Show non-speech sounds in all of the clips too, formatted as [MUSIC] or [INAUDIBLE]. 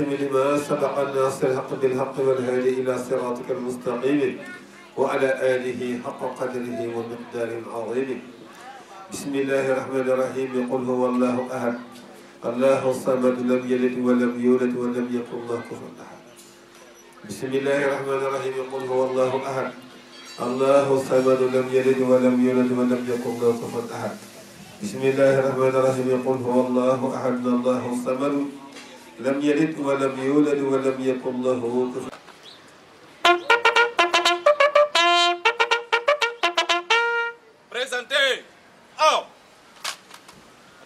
الخاتم لما سبق الناس الحق بالحق والهادي إلى صراطك المستقيم وعلى آله حق قدره ومقدار عظيم بسم الله الرحمن الرحيم قل هو الله أحد الله الصمد لم يلد ولم يولد ولم يكن له كفوا أحد بسم الله الرحمن الرحيم قل هو الله أحد الله الصمد لم يلد ولم يولد ولم يكن له كفوا أحد بسم الله الرحمن الرحيم قل هو الله أحد الله الصمد لم Présentez. Oh.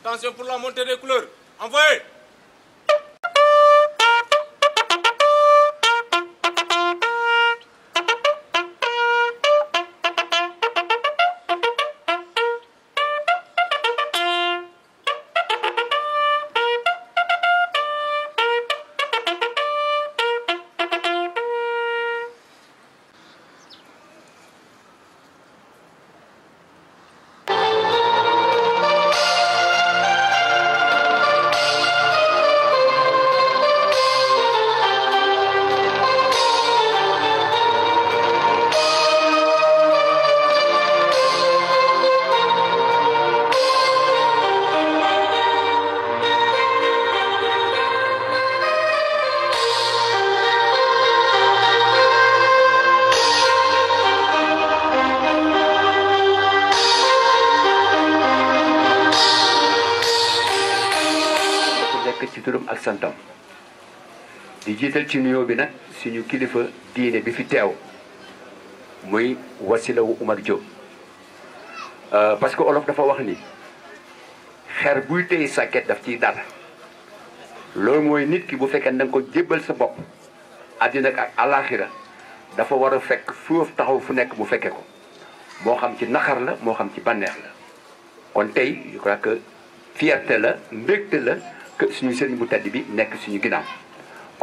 Attention pour la montée des couleurs. Envoyez. jiital ci nuyoo bi nag suñu kilifa diine bi fi teew muy wasilawu Umar Diop euh, parce que olof dafa wax ni xer buy téye sàkket daf ci dara loolu mooy nit ki bu fekkee na ko jébbal sa bopp àddina ak alaaxira dafa war a fekk foofu taxaw fu nekk mu fekke ko moo xam ci naxar la moo xam ci bànneex la kon tey je crois que fierté la mbégte la que suñu sëriñ bu tedd bi nekk suñu ginnaaw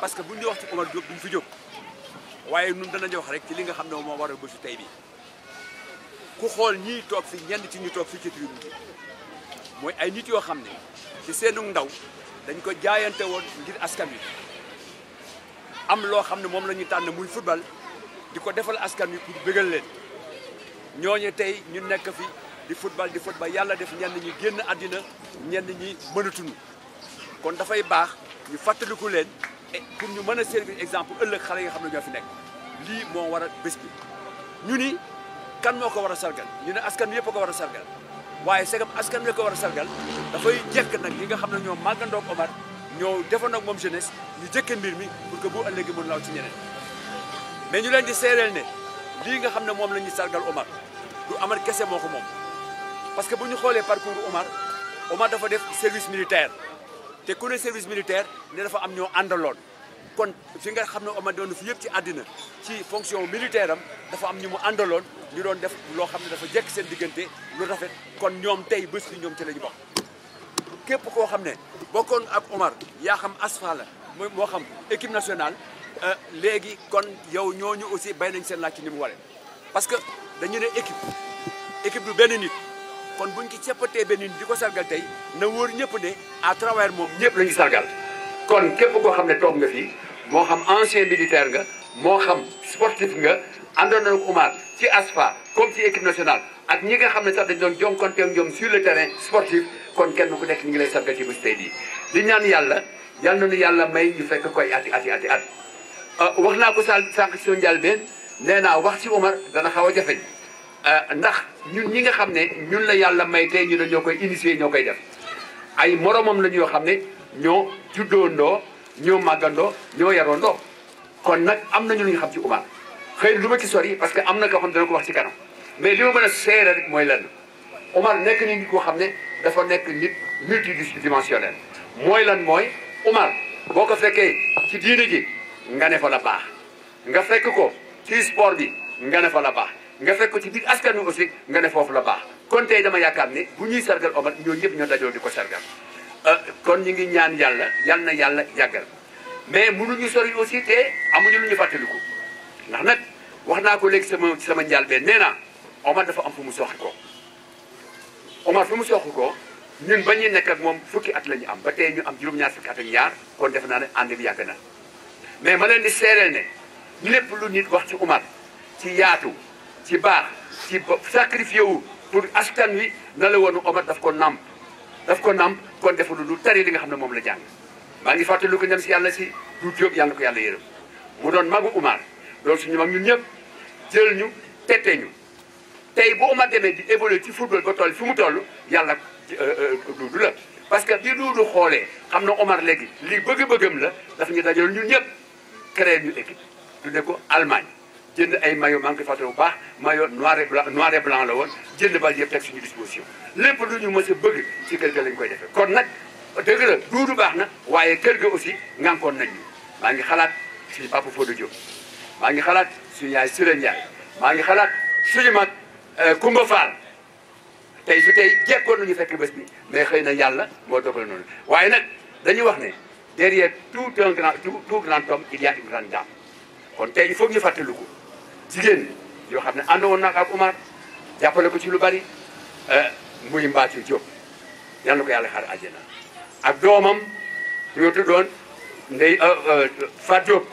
parce que bu ñu wax ci Omar Diop ñu fi jóg waaye ñun danañu wax rek ci li nga xam ne moo waral bésu tey bi ku xool ñiy toog fi ñenn ci ñu toog fi ci tribune mooy ay nit yoo xam ne ci seenu ndaw dañ ko jaayante woon ngir askan wi am loo xam ne moom la ñu tànn muy football di ko defal askan yi pour bëggal leen ñooñu tey ñu nekk fi di football di football yàlla def ñenn ñi génn àddina ñenn ñi mënatuñu kon dafay baax ñu fàttaliku leen Eh, pour ñu mën a servir exemple ëllëg xale yi xam ne ñoo fi nekk lii moo war a bés bi ñu ni kan moo ko war a sargal ñu ne askan yëpp a ko war a sargal waaye segam askan wi ko war a sargal dafay jekk nag ñi nga xam ne ñoo màggandoog Omar ñoo defandoo ak moom jeunesse ñu jëkke mbir mi pour que bu ëllëgee mën law ci ñeneen mais ñu leen di seereel ne lii nga xam ne moom la ñuy sargal Omar du Omar kese moo ko moom parce que bu ñu xoolee parcours Omar Omar dafa def service militaire te ku ne service militaire ne dafa am ñoo àndaloon kon fi nga xam ne Omar doon fi yëpp ci àddina ci fonction militaire am dafa am ñu mu àndaloon ñu doon def loo xam ne dafa jekk seen diggante lu rafet kon ñoom tey bés bi ñoom ci la ñu bokk képp koo xam ne bokkoon ak Omar yaa xam ASFA la moo xam équipe nationale euh, léegi kon yow ñooñu aussi bay nañ seen laaj ci ni mu waree parce que dañu ne équipe équipe du benn nit kon buñ ci cëppatee benn di ko sargal tey na wóor ñëpp ne à travers moom ñëpp la ñu sargal kon képp koo xam ne toog nga fii moo xam ancien militaire nga moo xam sportif nga àndoon na ko Umar ci ASFA comme ci équipe nationale ak ñi nga xam ne sax dañ doon jonkonte ak ñoom sur le terrain sportif kon kenn ku nekk ñu ngi lay sargal ci bés tey bii di ñaan yàlla yal na nu yàlla may ñu fekk koy ati ati ati at euh, wax naa ko sànq si suñu njëlbeen nee naa wax ci Umar dana xaw a jafeñ Euh, ndax ñun ñi nga xam ne ñun la yàlla may tey ñu la ñoo koy initier ñoo koy def ay moromam la ñoo xam ne ñoo juddoondoo ñoo màggandoo ñoo yaroondoo kon nag am na ñu lu ñu xam ci Umar xëy na du ma ci sori parce que am na koo xam dana ko wax ci kanam mais li ma mën a seere rek mooy lenn Umar nekk ni nit koo xam ne dafa nekk nit multidimensionnel mooy lan mooy Umar boo ko fekkee ci diine ji nga ne fa la baax nga fekk ko ci sport bi nga ne fa la baax nga fekk ci biir askan wi aussi nga ne foofu la baax kon tey dama yaakaar ni bu ñuy sargal Omar ñoo ñëpp ñoo dajoo di ko sargal euh, kon ñu ngi ñaan yàlla yal na yàlla jàggal mais mënuñu sori aussi te amuñu lu ñu fàttaliku ndax nag wax naa ko léegi sama sama njaal benn nee naa Omar dafa am fu mu soxi ko Omar fu mu soxi ko ñun ba ñuy nekk moom fukki at la ñu am ba tey ñu am juróom-ñaar fukki at ak ñaar kon def naa ne ànd bi yàgg na mais ma leen di seereel ne lépp lu nit wax ci Omar ci ci baax ci sacrifié wu pour askan wi na la woonu Omar daf ko namp daf ko namp kon defalu lu tari li nga xam ne moom la jàng maa ngi fàttali ko dem si yàlla si du jóob yàlla ko yàlla yërëm mu doon magu Umar loolu suñu mag ñu ñëpp jël ñu tette ñu tey boo Umar demee di évoluer ci football ba toll fi mu toll yàlla euh, euh, du la parce que bi duudu xoolee xam na Omar léegi li bëgg-bëggam la daf ñu dajal ñun ñëpp créé ñu équipe tudde ko Allemagne jënd ay maillot maa ngi fàttali baax noir et blanc noir et blanc la woon jënd yëpp teg suñu disposition lépp lu ñu a bëgg ci kër lañ koy defee kon nag dëgg la duudu baax na waaye kër aussi ngànkoon nañ ñu maa xalaat suñu papa Fodou Diop maa ngi xalaat suñu yaay Ndiaye maa xalaat suñu euh, Fall su fekk bi mais ne derrière tout un grand tout grand homme il y a une grande dame kon tey il faut ñu fàttaliku jigéen yoo xam ne àndoon nag ak Umar jàppale ko ci lu bari eh, muy Mbathio Diop yal na ko yàlla xaar àjjana ak doomam ñu tuddoon ndey eh, eh, Fatou Diop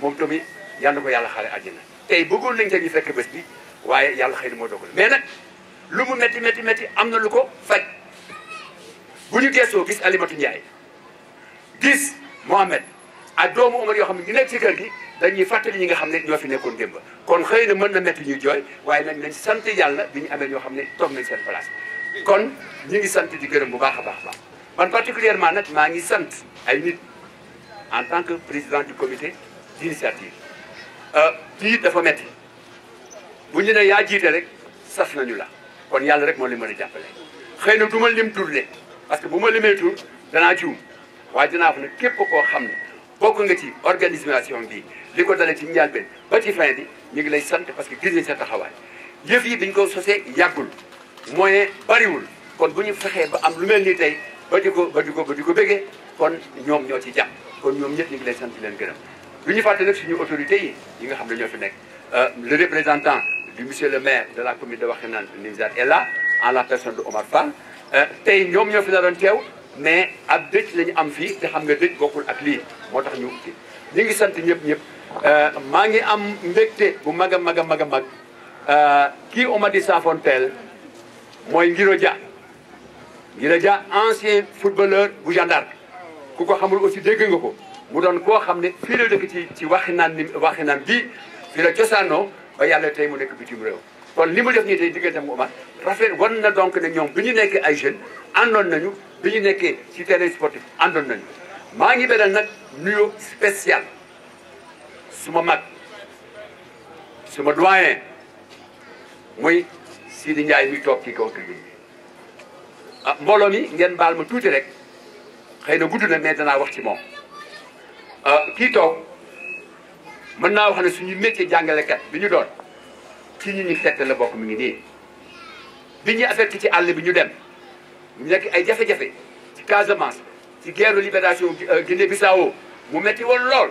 moom tamit yal na ko yàlla xaar àjjana tey bëggoon nañ te ñu fekk bés bi waaye yàlla xëy na moo dogal mais nag lu mu métti métti métti am na lu ko faj bu ñu gëstoo gis Alimatu Ndiaye gis Mohamed ak doomu Omar yoo xam ne ñu nekk ci kër gi dañuy fàttali ñi nga xam ne ñoo fi nekkoon démb kon xëy na mën na métti ñu jooy waaye nag nañ sant yàlla bi ñu amee ñoo xam ne toog nañ seen place kon ñu ngi sant di gërëm bu baax a baax baax man particulièrement nag maa ngi sant ay nit en tant que président du comité d'initiative kii euh, dafa métti bu ñu ne yaa jiite rek sas nañu la kon yàlla rek moo li mën a jàppale xëy na du ma lim tur ne parce que bu ma limee tur danaa juum waaye dinaa wax ne képp koo xam ne bokk nga ci organisation bi li ko dalee ci njëlbeen ba ci fin bi ñu ngi lay sant parce que gis nañ sa taxawaay yëf yi biñ ko sosee yàggul moyen bariwul kon bu ñu fexee ba am lu mel ni tey ba di ko ba di ko ba di ko bëggee kon ñoom ñoo ci jàpp kon ñoom ñëpp ñu ngi lay sant leen gërëm lu ñu fàtte nag suñu autorité yi yi nga xam ne ñoo fi nekk euh, le représentant du monsieur le maire de la commune de Wakhinane Nimzatt est là en la personne de Omar Fall euh, tey ñoom ñoo fi naroon teew mais ab dëj la ñu am fii te xam nga dëj bokkul ak lii moo tax ñu ñu ngi sant ñëpp ñëpp Euh, maa ngi am mbégte bu mag a mag a mag a mag euh, kii Omady Safonteel mooy Ngiro Dia Ngiro Dia ancien footballeur bu gendarme ku ko xamul aussi dégg nga ko mu doon koo xam ne fii la dëkk ci wax waxinaan ni waxinaan bii fii la cosaanoo ba yàlla tey mu nekk bitim réew kon li mu def nii tey digganteem Omar rafet wan na donc ne ñoom bi ñu nekkee ay jeunes àndoon nañu bi ñu nekkee ci terrain sportif àndoon nañu maa ngi beral nag nuyo spécial suma mag suma doyen muy Sidi Ndiaye mi toog ci kaw tribune bi ah mbooloo mi ngeen baal ma tuuti rek xëy na gudd na mais danaa wax ci moom a ah, kii toog mën naa wax ne suñu métier jàngalekat bi ñu doon ki ñu ñu fett la bokk mi ngi nii bi ñu affecté ci àll bi ñu dem ñu nekk ay jafe-jafe ci Casamance ci guerre libération Guinée Bissau mu metti woon lool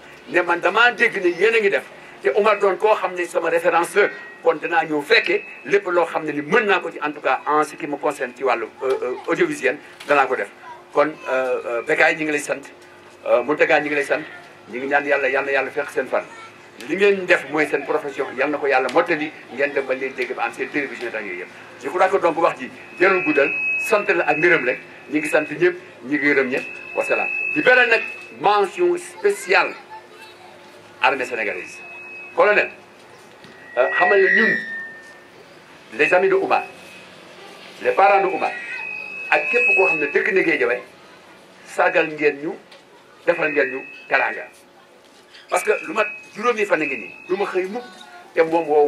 ne man damaa dégg ne yéen a ngi def te Omar doon koo xam ne sama référence la kon danaa ñëw fekkee lépp loo xam ne ni mën naa ko ci en tout cas en ce qui me concerne ci wàllu euh, euh, audiovisuel danaa ko def kon euh, Bécaye ñi ngi lay sant Mountaga ñi ngi lay sant ñi ngi ñaan yàlla yàlla yàlla feex seen fan li ngeen def mooy seen profession yal na ko yàlla mottali ngeen dem ba leen dégg ba am seen télévision tax yooyu yëpp je crois que donc wax ji jarul guddal sant la ak ngërëm rek ñi ngi sant ñëpp ñi ngi gërëm ñëpp wasalaam di beral nag mention spéciale armée sénégalaise colonel euh, xamal les amis de Oumar les parents de Oumar ak képp koo nous ne nous na nous sargal nous, ñu nous, ngeen ñu parce que nous avons fait fan nous ngi nii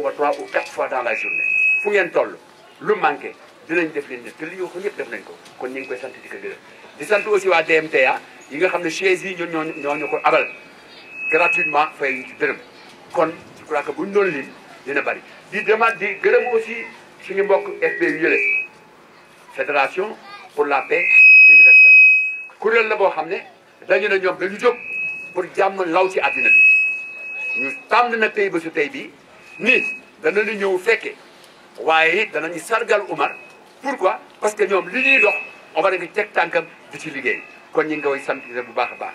ma trois ou quatre fois dans la journée fu ngeen toll lu manqué dinañ def leen nous li yoo Nous yëpp def nañ ko kon nous koy nous di nous aussi DMTA yi ne yi ñoo gratuitement fay ñu kon je crois bu ñu doon lim dina bëri di demande di gërëm aussi suñu mbokk FPU yële fédération pour la paix universelle kuréel la boo xam ne dañu ne ñoom dañu jóg pour jàmm law ci àddina ñu tànn na tey ba su tey bi ni danañu ñëw fekke waaye it danañu sargal Umar pourquoi parce que ñoom li ñuy dox Omar a ngi teg tànkam di ci liggéey kon ñu ngi koy sant bu baax a baax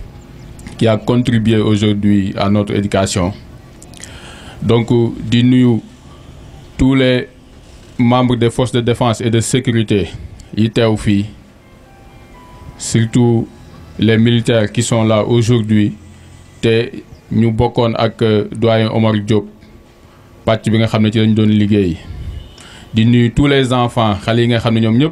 qui a contribué aujourd'hui à notre éducation. Donc, euh, du nous, tous les membres des forces de défense et de sécurité, surtout les militaires qui sont là aujourd'hui, nous sommes ak euh, doyen Omar Diop, tous les enfants nous sommes nga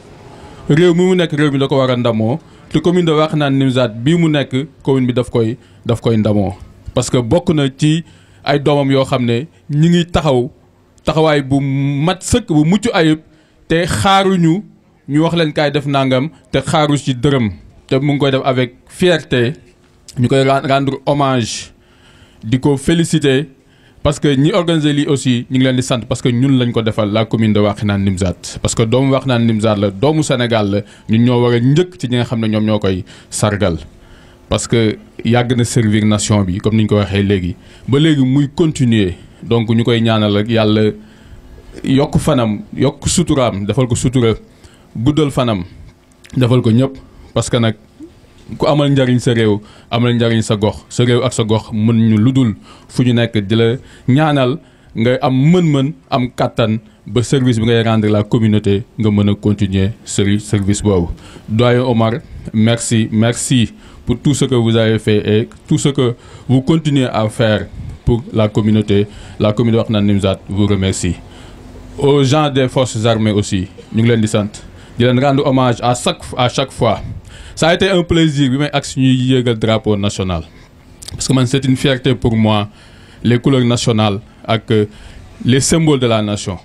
réew mi mu nekk réew mi da ko war a ndamoo te commune de Wakhinane Nimzatt bii mu nekk commune bi daf koy daf koy ndamoo parce que bokk na ci ay doomam yoo xam ne ñi ngi taxaw taxawaay bu mat sëkk bu mucc ayub te xaaru ñu wax leen kaay def nangam te xaaru ci dërëm te mu ngi koy def avec fierté ñu koy rendre hommage di ko féliciter parce que ñi organiser lii aussi ñu ngi leen di sant parce que ñun lañ ko defal la commune de Wakhinane Nimzatt parce que doomu Wakhinane Nimzatt la doomu Sénégal la ñun ñoo war njëkk ci ñi nga xam ne ñoom ñoo koy sargal parce que yàgg na servir nation bi comme ni ñu ko waxee léegi ba léegi muy continuer donc ñu koy ñaanal ak yàlla yokk fanam yokk suturaam defal ko sutura guddal fanam defal ko ñëpp parce nag. ku amal njariñ sa réew amal njariñ sa gox sa réew ak sa gox mën ñu ludul fu ñu nekk di la ñaanal ngay am mën-mën am kàttan ba service bi ngay rendre la communauté nga mën a continuer service boobu doyen Omar merci merci pour tout ce que vous avez fait et tout ce que vous continuez à faire pour la communauté la communauté Wakhinane vous remercie aux gens des forces armées aussi ñu ngi leen di sant di leen rendre hommage à chaque à chaque fois ça a été un plaisir de may ak drapeau national parce que c'est une fierté pour moi les couleurs nationales et euh, les symboles de la nation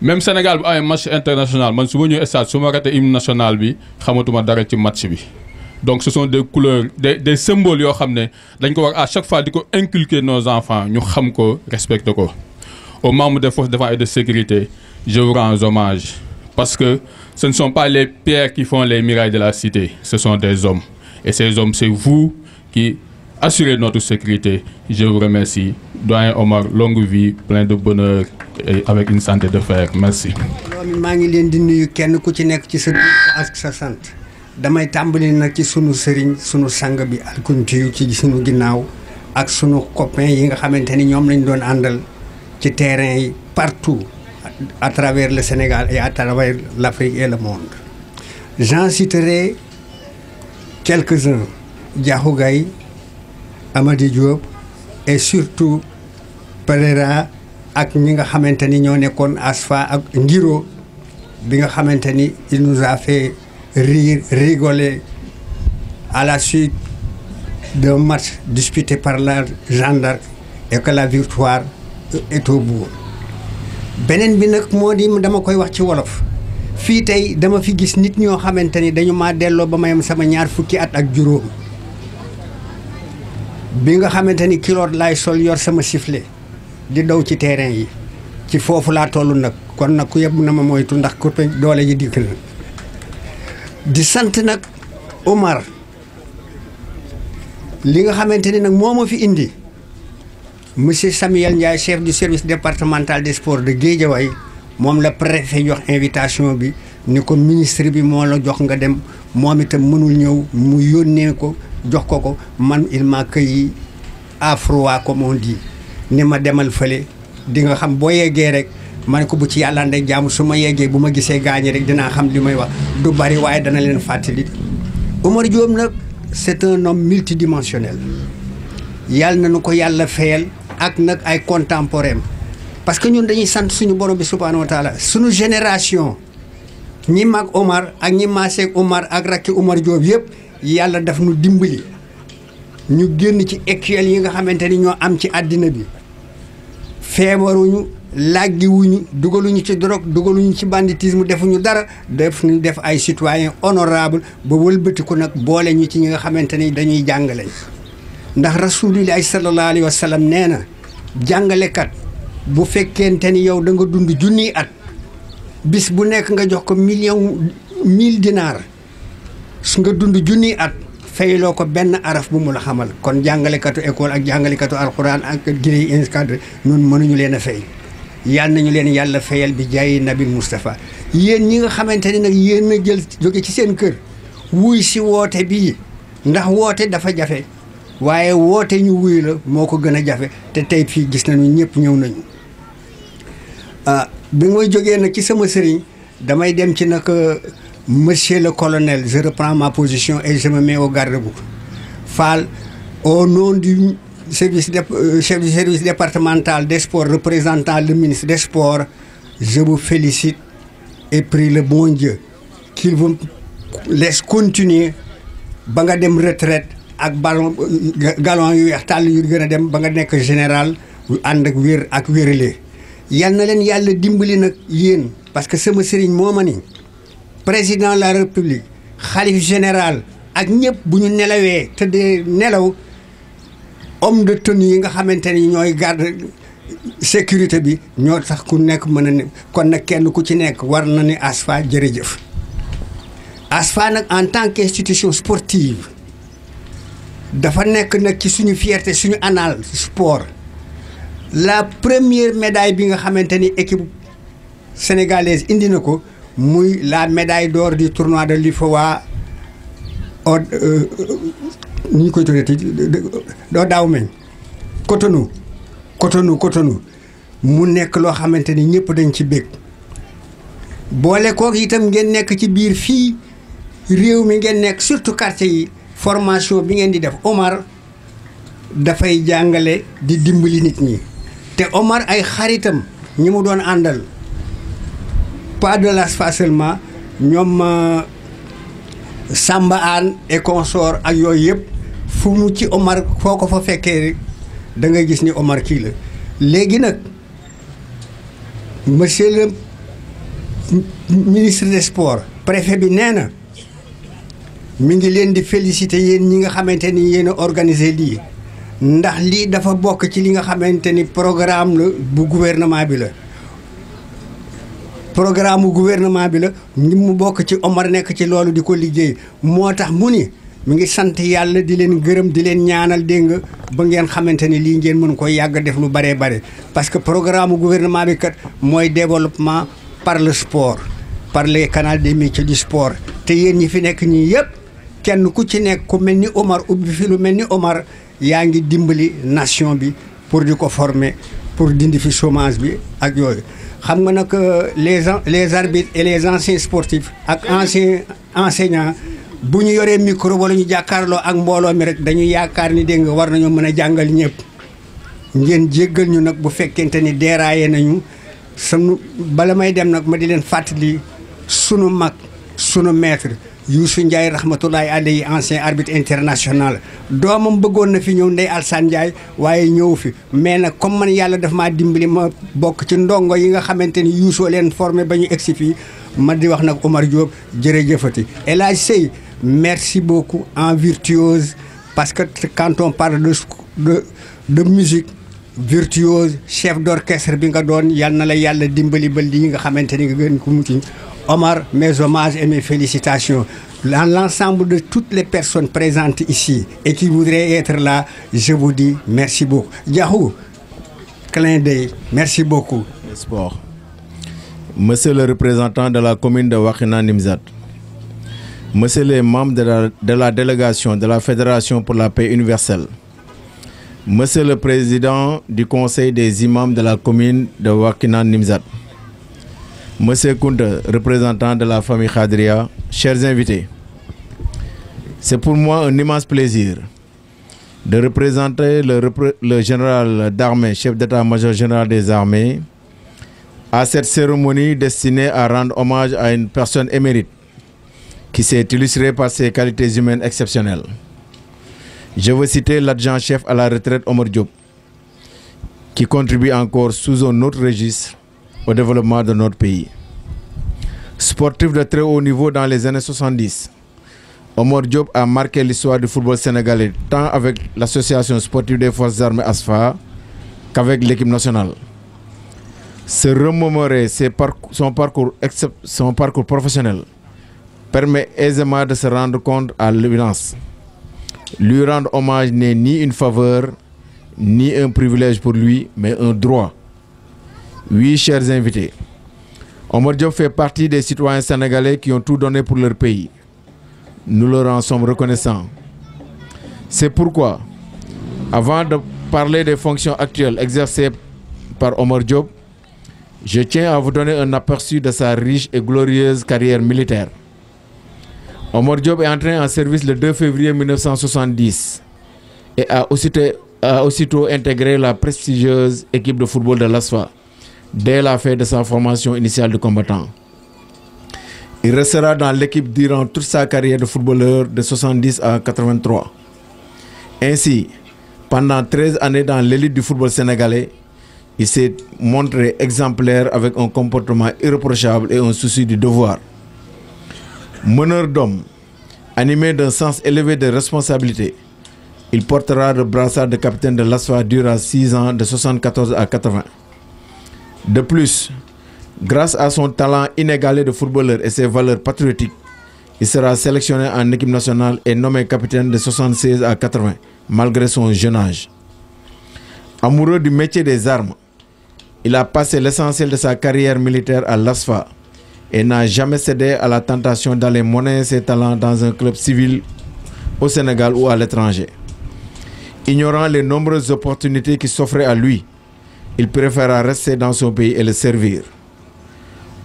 même Sénégal a un match international man suis venu à stade national bi xamatuma dara ci match donc ce sont des couleurs des symboles yoo xam à chaque fois di inculquer nos enfants nous xam ko respecter aux membres des forces de défense et de sécurité je vous rends hommage parce que ce ne sont pas les pierres qui font les murailles de la cité, ce sont des hommes. Et ces hommes, c'est vous qui assurez notre sécurité. Je vous remercie. Doyen Omar, longue vie, plein de bonheur et avec une santé de fer. Merci. damay tambali nag ci sunu sëriñ sunu sang bi alkunti yu ci sunu ginnaaw ak sunu copain yi nga xamante ni ñoom lañ doon àndal ci terrain yi partout à travers le Sénégal et à travers l'Afrique et le monde. J'en citerai quelques-uns. Yahougaï, Amadi Diop et surtout Pereira ak ñi nga Asfa Ngiro il nous a fait rire rigoler à la suite d'un match disputé par la gendarme et que la victoire est au bout. beneen bi nag moo di dama koy wax ci wolof fii tey dama fi gis nit ñoo xamante ni dañu maa delloo ba mayam sama ñaar fukki at ak juróom bi nga xamante ni kiloot laay sol yor sama sifflet di daw ci terrain yi ci foofu laa tollu nag kon nag ku yëpp na ma moytu ndax ku doole yi dikk na di sant nag Omar li nga xamante ni nag moo ma fi indi monsieur Samuel Ndiaye chef du service départemental des sports de Guédiawaye moom la préfet jox invitation bi ni ko ministre bi moo la jox nga dem moom itam mënul ñëw mu yónnee ko jox ko ko man il m'a yi à froid comme on dit ni ma demal fële di nga xam boo yeggee rek ma ne ko bu ci yàlla ndey jaamu su ma yeggee bu ma gisee gaañi rek dinaa xam li may wax du bari waaye dana leen fàttali Omar Diom nag c'est un homme multidimensionnel yàlla na nu ko yàlla fayal ak nag ay contemporains parce que ñun dañuy sant suñu borom bi subhanahu wa suñu génération ñi mag Omar ak ñi maaseeg Omar ak rakki Omar Diop yëpp yàlla daf nu dimbali ñu génn ci écuelle yi nga xamante ni ñoo am ci àddina bi feebaruñu làggiwuñu dugaluñu ci drogue dugaluñu ci banditisme defuñu dara def ñu def ay citoyen honorable ba wëlbatiku nag boole ñu ci ñi nga xamante ni dañuy jàngale ndax rasulillahi sallallahu alayhi wa sallam nee na jàngalekat bu fekkente ni yow da dund junni at bis bu nekk nga jox ko million mille dinaar su nga dund junniy at fayloo ko benn araf bu mu la xamal kon jàngalekatu école ak jàngalekatu alxuraan ak giley inscadre nun mënuñu leen a fay yal nañu leen yàlla fayal bi jaayi nabi Moustapha yéen ñi nga xamante ne nag yéen a jël jóge ci seen kër wuy si woote bii ndax woote dafa jafe waaye woote ñu wuy la moo ko gën a jafe te tey fii gis nañu ñëpp ñëw nañu ah bi may jógee nag ci sama sëriñ damay dem ci nag euh, monsieur le colonel je reprends ma position et je me mets au garde-boue au nom du service euh, chef du service départemental des sports représentant le ministre des sports je vous félicite et prie le bon Dieu qu'il vous laisse continuer ba nga dem retraite ak ballon galon yu weex tàll yu gën a dem ba nga nekk général yu ànd ak wér ak wéralee yal na leen yàlla dimbali nag yéen parce que sama sëriñ moo ma ni président la république xalif général ak ñëpp bu ñu nelawee te de nelaw homme de tenue yi nga xamante ni ñooy garde sécurité bi ñoo tax ku nekk mën a ne kon nag kenn ku ci nekk war na ni ASFA jërëjëf ASFA nag en tant qu'institution sportive dafa nekk nag ci suñu fierte suñu anal sport la première médaille bi nga xamante ni équipe sénégalaise indi na ko muy la médaille d'or di tournoi de l'UFOA au euh, nu ñu koy tuddati doo daaw meñ Cotonou Cotonou Cotonou mu nekk loo xamante ni ñëpp dañ ci bég boole kook itam ngeen nekk ci biir fii réew mi ngeen nekk surtout karte yi formation bi ngeen di def Omar dafay jàngale di dimbali nit ñi te Omar ay xaritam ñi mu doon àndal pas de las facilement ñoom euh, Samba an et consort ak yooyu yëpp fu mu ci Omar foo ko fa fekkee rek da ngay gis ni Omar kii la léegi nag monsieur le ministre des sports préfet bi nee mi ngi leen di félicité yéen ñi nga xamante ni yéen a organisé lii ndax lii dafa bokk ci li nga xamante ni programme la bu gouvernement bi la. programme mu gouvernement bi la ñi mu bokk ci Omar nekk ci loolu di ko liggéey moo tax mu ni mu ngi sant yàlla di leen gërëm di leen ñaanal dégg nga ba ngeen xamante ni lii ngeen mën ko yàgg def lu bare bare parce que programme gouvernement bi kat mooy développement par le sport par les canaux des di du sport te yéen ñi fi nekk ñii yëpp. kenn ku ci nekk ku mel ni Omar ubbi fi lu mel ni Omar yaa ngi dimbali nation bi pour di ko former pour dindi fi chômage bi ak yooyu xam nga nag euh, les les arbitres et les anciens sportifs ak anciens enseignants bu ñu yoree micro wala ñu jàkkaarloo ak mbooloo mi rek dañu yaakaar ni dégg nga war nañoo mën a jàngal ñëpp ngeen jéggal ñu nag bu fekkente ni deraaye nañu sunu bala may dem nag ma di leen fàttali sunu mag sunu maître Youssou Ndiaye rahmatulahi alayhi ancien arbitre international doomam bëggoon na fi ñëw ndey Alsane Ndiaye waaye ñëw fi mais nag comme man yàlla daf maa dimbali ma bokk ci ndongo yi nga xamante ni Youssou leen formé ba ñu si fii ma di wax nag Omar Diop jërëjëfati El Hadj Sey merci beaucoup en virtuose parce que par de parle de de de musique virtuose chef d'orchestre bi nga doon yal na la yàlla dimbali ba lii nga xamante ni nga gën ko mucc Omar, mes hommages et mes félicitations. L'ensemble de toutes les personnes présentes ici et qui voudraient être là, je vous dis merci beaucoup. Yahoo, clin d'œil, merci beaucoup. Monsieur le représentant de la commune de wakinan Nimzat, Monsieur les membres de la, délégation de la Fédération pour la paix universelle, Monsieur le président du conseil des imams de la commune de wakinan Nimzat, Monsieur Kounde, représentant de la famille Khadria, chers invités, c'est pour moi un immense plaisir de représenter le, le général d'armée, chef d'état-major général des armées, à cette cérémonie destinée à rendre hommage à une personne émérite qui s'est illustrée par ses qualités humaines exceptionnelles. Je veux citer l'adjoint-chef à la retraite Omar Diop, qui contribue encore sous un autre registre au développement de notre pays. Sportif de très haut niveau dans les années 70, Omar Diop a marqué l'histoire du football sénégalais tant avec l'association sportive des forces armées ASFA qu'avec l'équipe nationale. Se remémorer son, parcours, son parcours professionnel permet aisément de se rendre compte à l'évidence. Lui rendre hommage n'est ni une faveur, ni un privilège pour lui, mais un droit oui, chers invités, Omar Diop fait partie des citoyens sénégalais qui ont tout donné pour leur pays. Nous leur en sommes reconnaissants. C'est pourquoi, avant de parler des fonctions actuelles exercées par Omar Diop, je tiens à vous donner un aperçu de sa riche et glorieuse carrière militaire. Omar Diop est entré en service le 2 février 1970 et a aussitôt, a aussitôt intégré la prestigieuse équipe de football de l'ASFA dès la fin de sa formation initiale de combattant. Il restera dans l'équipe durant toute sa carrière de footballeur de 70 à 83. Ainsi, pendant 13 années dans l'élite du football sénégalais, il s'est montré exemplaire avec un comportement irréprochable et un souci du devoir. Meneur d'homme, animé d'un sens élevé de responsabilité, il portera le brassard de capitaine de l'ASFA durant 6 ans de 74 à 80. De plus, grâce à son talent inégalé de footballeur et ses valeurs patriotiques, il sera sélectionné en équipe nationale et nommé capitaine de 76 à 80, malgré son jeune âge. Amoureux du métier des armes, il a passé l'essentiel de sa carrière militaire à l'ASFA et n'a jamais cédé à la tentation d'aller monnayer ses talents dans un club civil au Sénégal ou à l'étranger. Ignorant les nombreuses opportunités qui s'offraient à lui, il préféra rester dans son pays et le servir.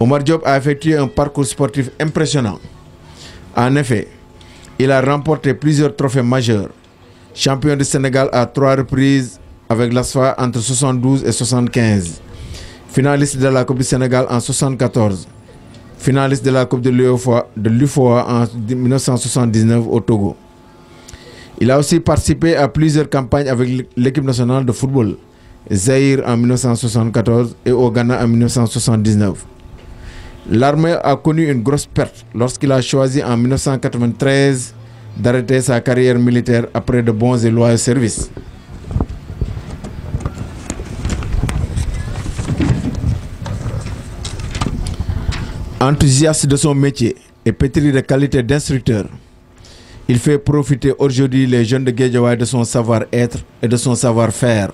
Omar Diop a effectué un parcours sportif impressionnant. En effet, il a remporté plusieurs trophées majeurs. Champion du Sénégal à trois reprises avec l'ASFA entre 72 et 75. Finaliste de la Coupe du Sénégal en 74. Finaliste de la Coupe de l'UFOA en 1979 au Togo. Il a aussi participé à plusieurs campagnes avec l'équipe nationale de football. Zahir en 1974 et au Ghana en 1979. L'armée a connu une grosse perte lorsqu'il a choisi en 1993 d'arrêter sa carrière militaire après de bons et loyaux services. Enthousiaste de son métier et pétri de qualité d'instructeur, il fait profiter aujourd'hui les jeunes de Guédiawaye de son savoir-être et de son savoir-faire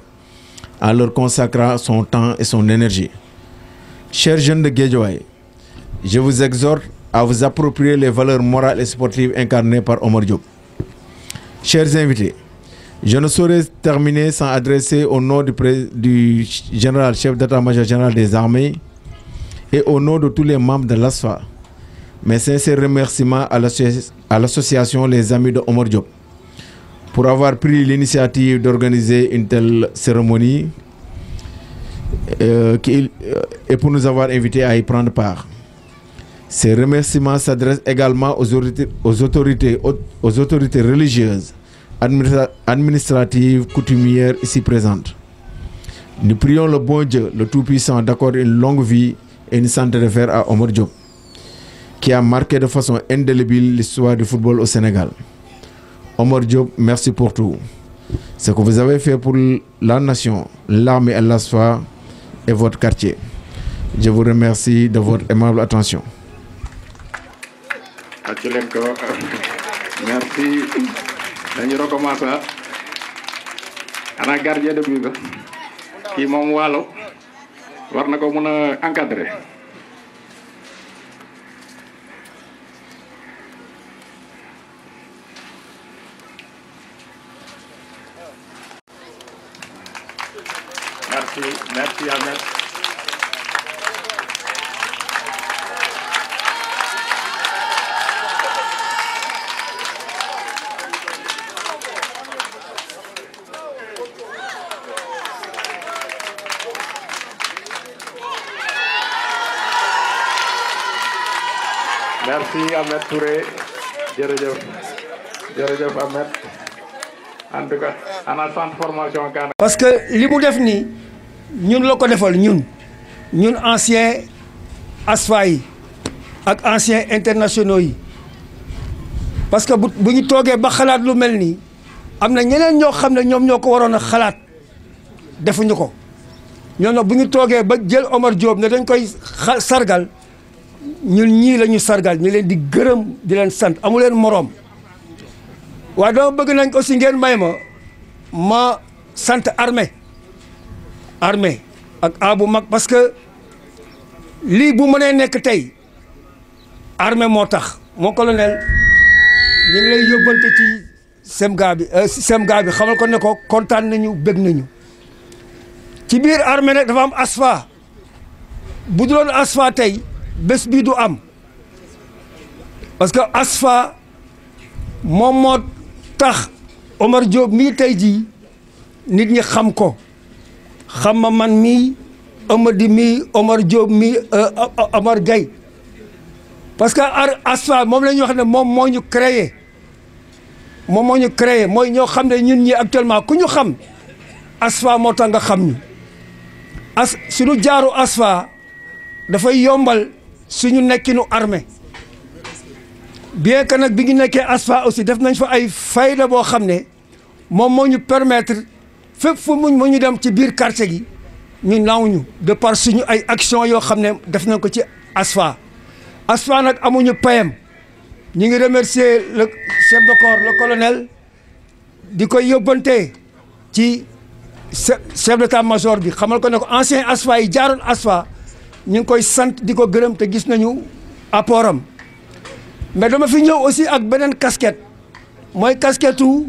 en leur consacrant son temps et son énergie. Chers jeunes de Guédiouaï, je vous exhorte à vous approprier les valeurs morales et sportives incarnées par Omar Diop. Chers invités, je ne saurais terminer sans adresser au nom du, général chef d'état-major général des armées et au nom de tous les membres de l'ASFA mes sincères remerciements à l'association Les Amis de Omar Diop pour avoir pris l'initiative d'organiser une telle cérémonie euh, euh, et pour nous avoir invités à y prendre part. Ces remerciements s'adressent également aux autorités, aux autorités, religieuses, administratives, coutumières ici présentes. Nous prions le bon Dieu, le Tout-Puissant, d'accorder une longue vie et une santé de fer à Omar Diop, qui a marqué de façon indélébile l'histoire du football au Sénégal. Omar Diop, merci pour tout. Ce que vous avez fait pour la nation, l'armée la asfa et votre quartier. Je vous remercie de votre aimable attention. Merci. encadrer Merci, merci Ahmed. Merci Ahmed Touré Je jërëjëf Ahmed en tout cas ana de formation parce que les mu def ñun la ko defal ñun ñun ancien ASFA yi ak ancien internationaux yi parce que bu bu ñu toogee ba xalaat lu mel nii am na ñeneen ñoo xam ne ñoom ñoo ko waroon a xalaat defuñu ko ñoo nag bu ñu toogee ba jël Omar Diop ne dañ koy sargal ñun ñii lañu sargal ñu leen di gërëm di leen sant amu leen moroom waa dama bëgg nañ aussi ngeen may ma ma sant armée armée ak A bu mag parce que lii bu mënee nekk tey armée moo tax moo colonel ñu ngi lay yóbbante ci semga bi euh, semga bi xamal ko ne ko kontaan nañu bëgg nañu ci biir armée nag dafa am asfa bu duloon asfa tey bés bii du am parce que asfa moom moo tax Omar Diop mii tey jii nit ñi xam ko xam ma man mii Amady mii Omar Diop mii euh, euh, euh, Omar Gueye parce que ar moom la ñuy wax ne moom moo ñu créé moom mooñu créer mooy ñoo xam ne ñun ñii actuellement ku ñu xam ASFA moo tax nga xam ñu as suñu jaaru ASFA dafay yombal suñu nekkinu armée bien que nag bi ñu nekkee ASFA aussi def nañ fa ay fayda boo xam ne moom moo ñu permettre fépp fu muñ mu ñu dem ci biir quartier gi ñu naaw ñu de par suñu ay action yoo xam ne def nañ ko ci ASFA ASFA nag amuñu payam ñu ngi remercier le chef de corps le colonel di koy yóbbante ci chef d'état-major bi xamal ko ne ko ancien ASFA yi jaaroon ASFA ñu ngi koy sant di ko gërëm te gis nañu apportam mais dama fi ñëw aussi ak beneen casquette mooy kasketu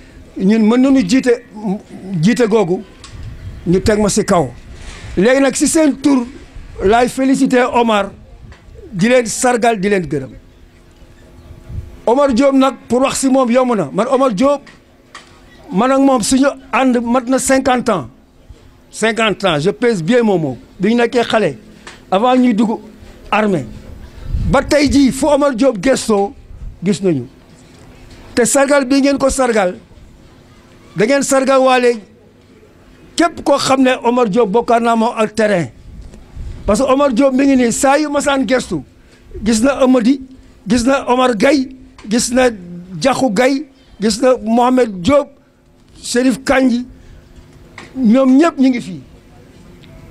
Nous avons ñu jité nous ñu ma kaw félicité Omar di sargal di Omar Diop pour wax dit que Omar Diop man ak cinquante ans 50 ans je pèse bien mon mot. avant ñuy dugg armée ba tay ji fu Omar Diop gis sargal sargal da ngeen sargal képp koo xam ne Omar Diop bokkaar naa moom ak terrain parce que Omar Diop mi ngi nii saa yu masaan gestu gis na Amady gis na Omar Gaye gis na Jaxu gay gis na Mohamed Diop Chérif Kandji ñoom ñëpp ñu ngi fii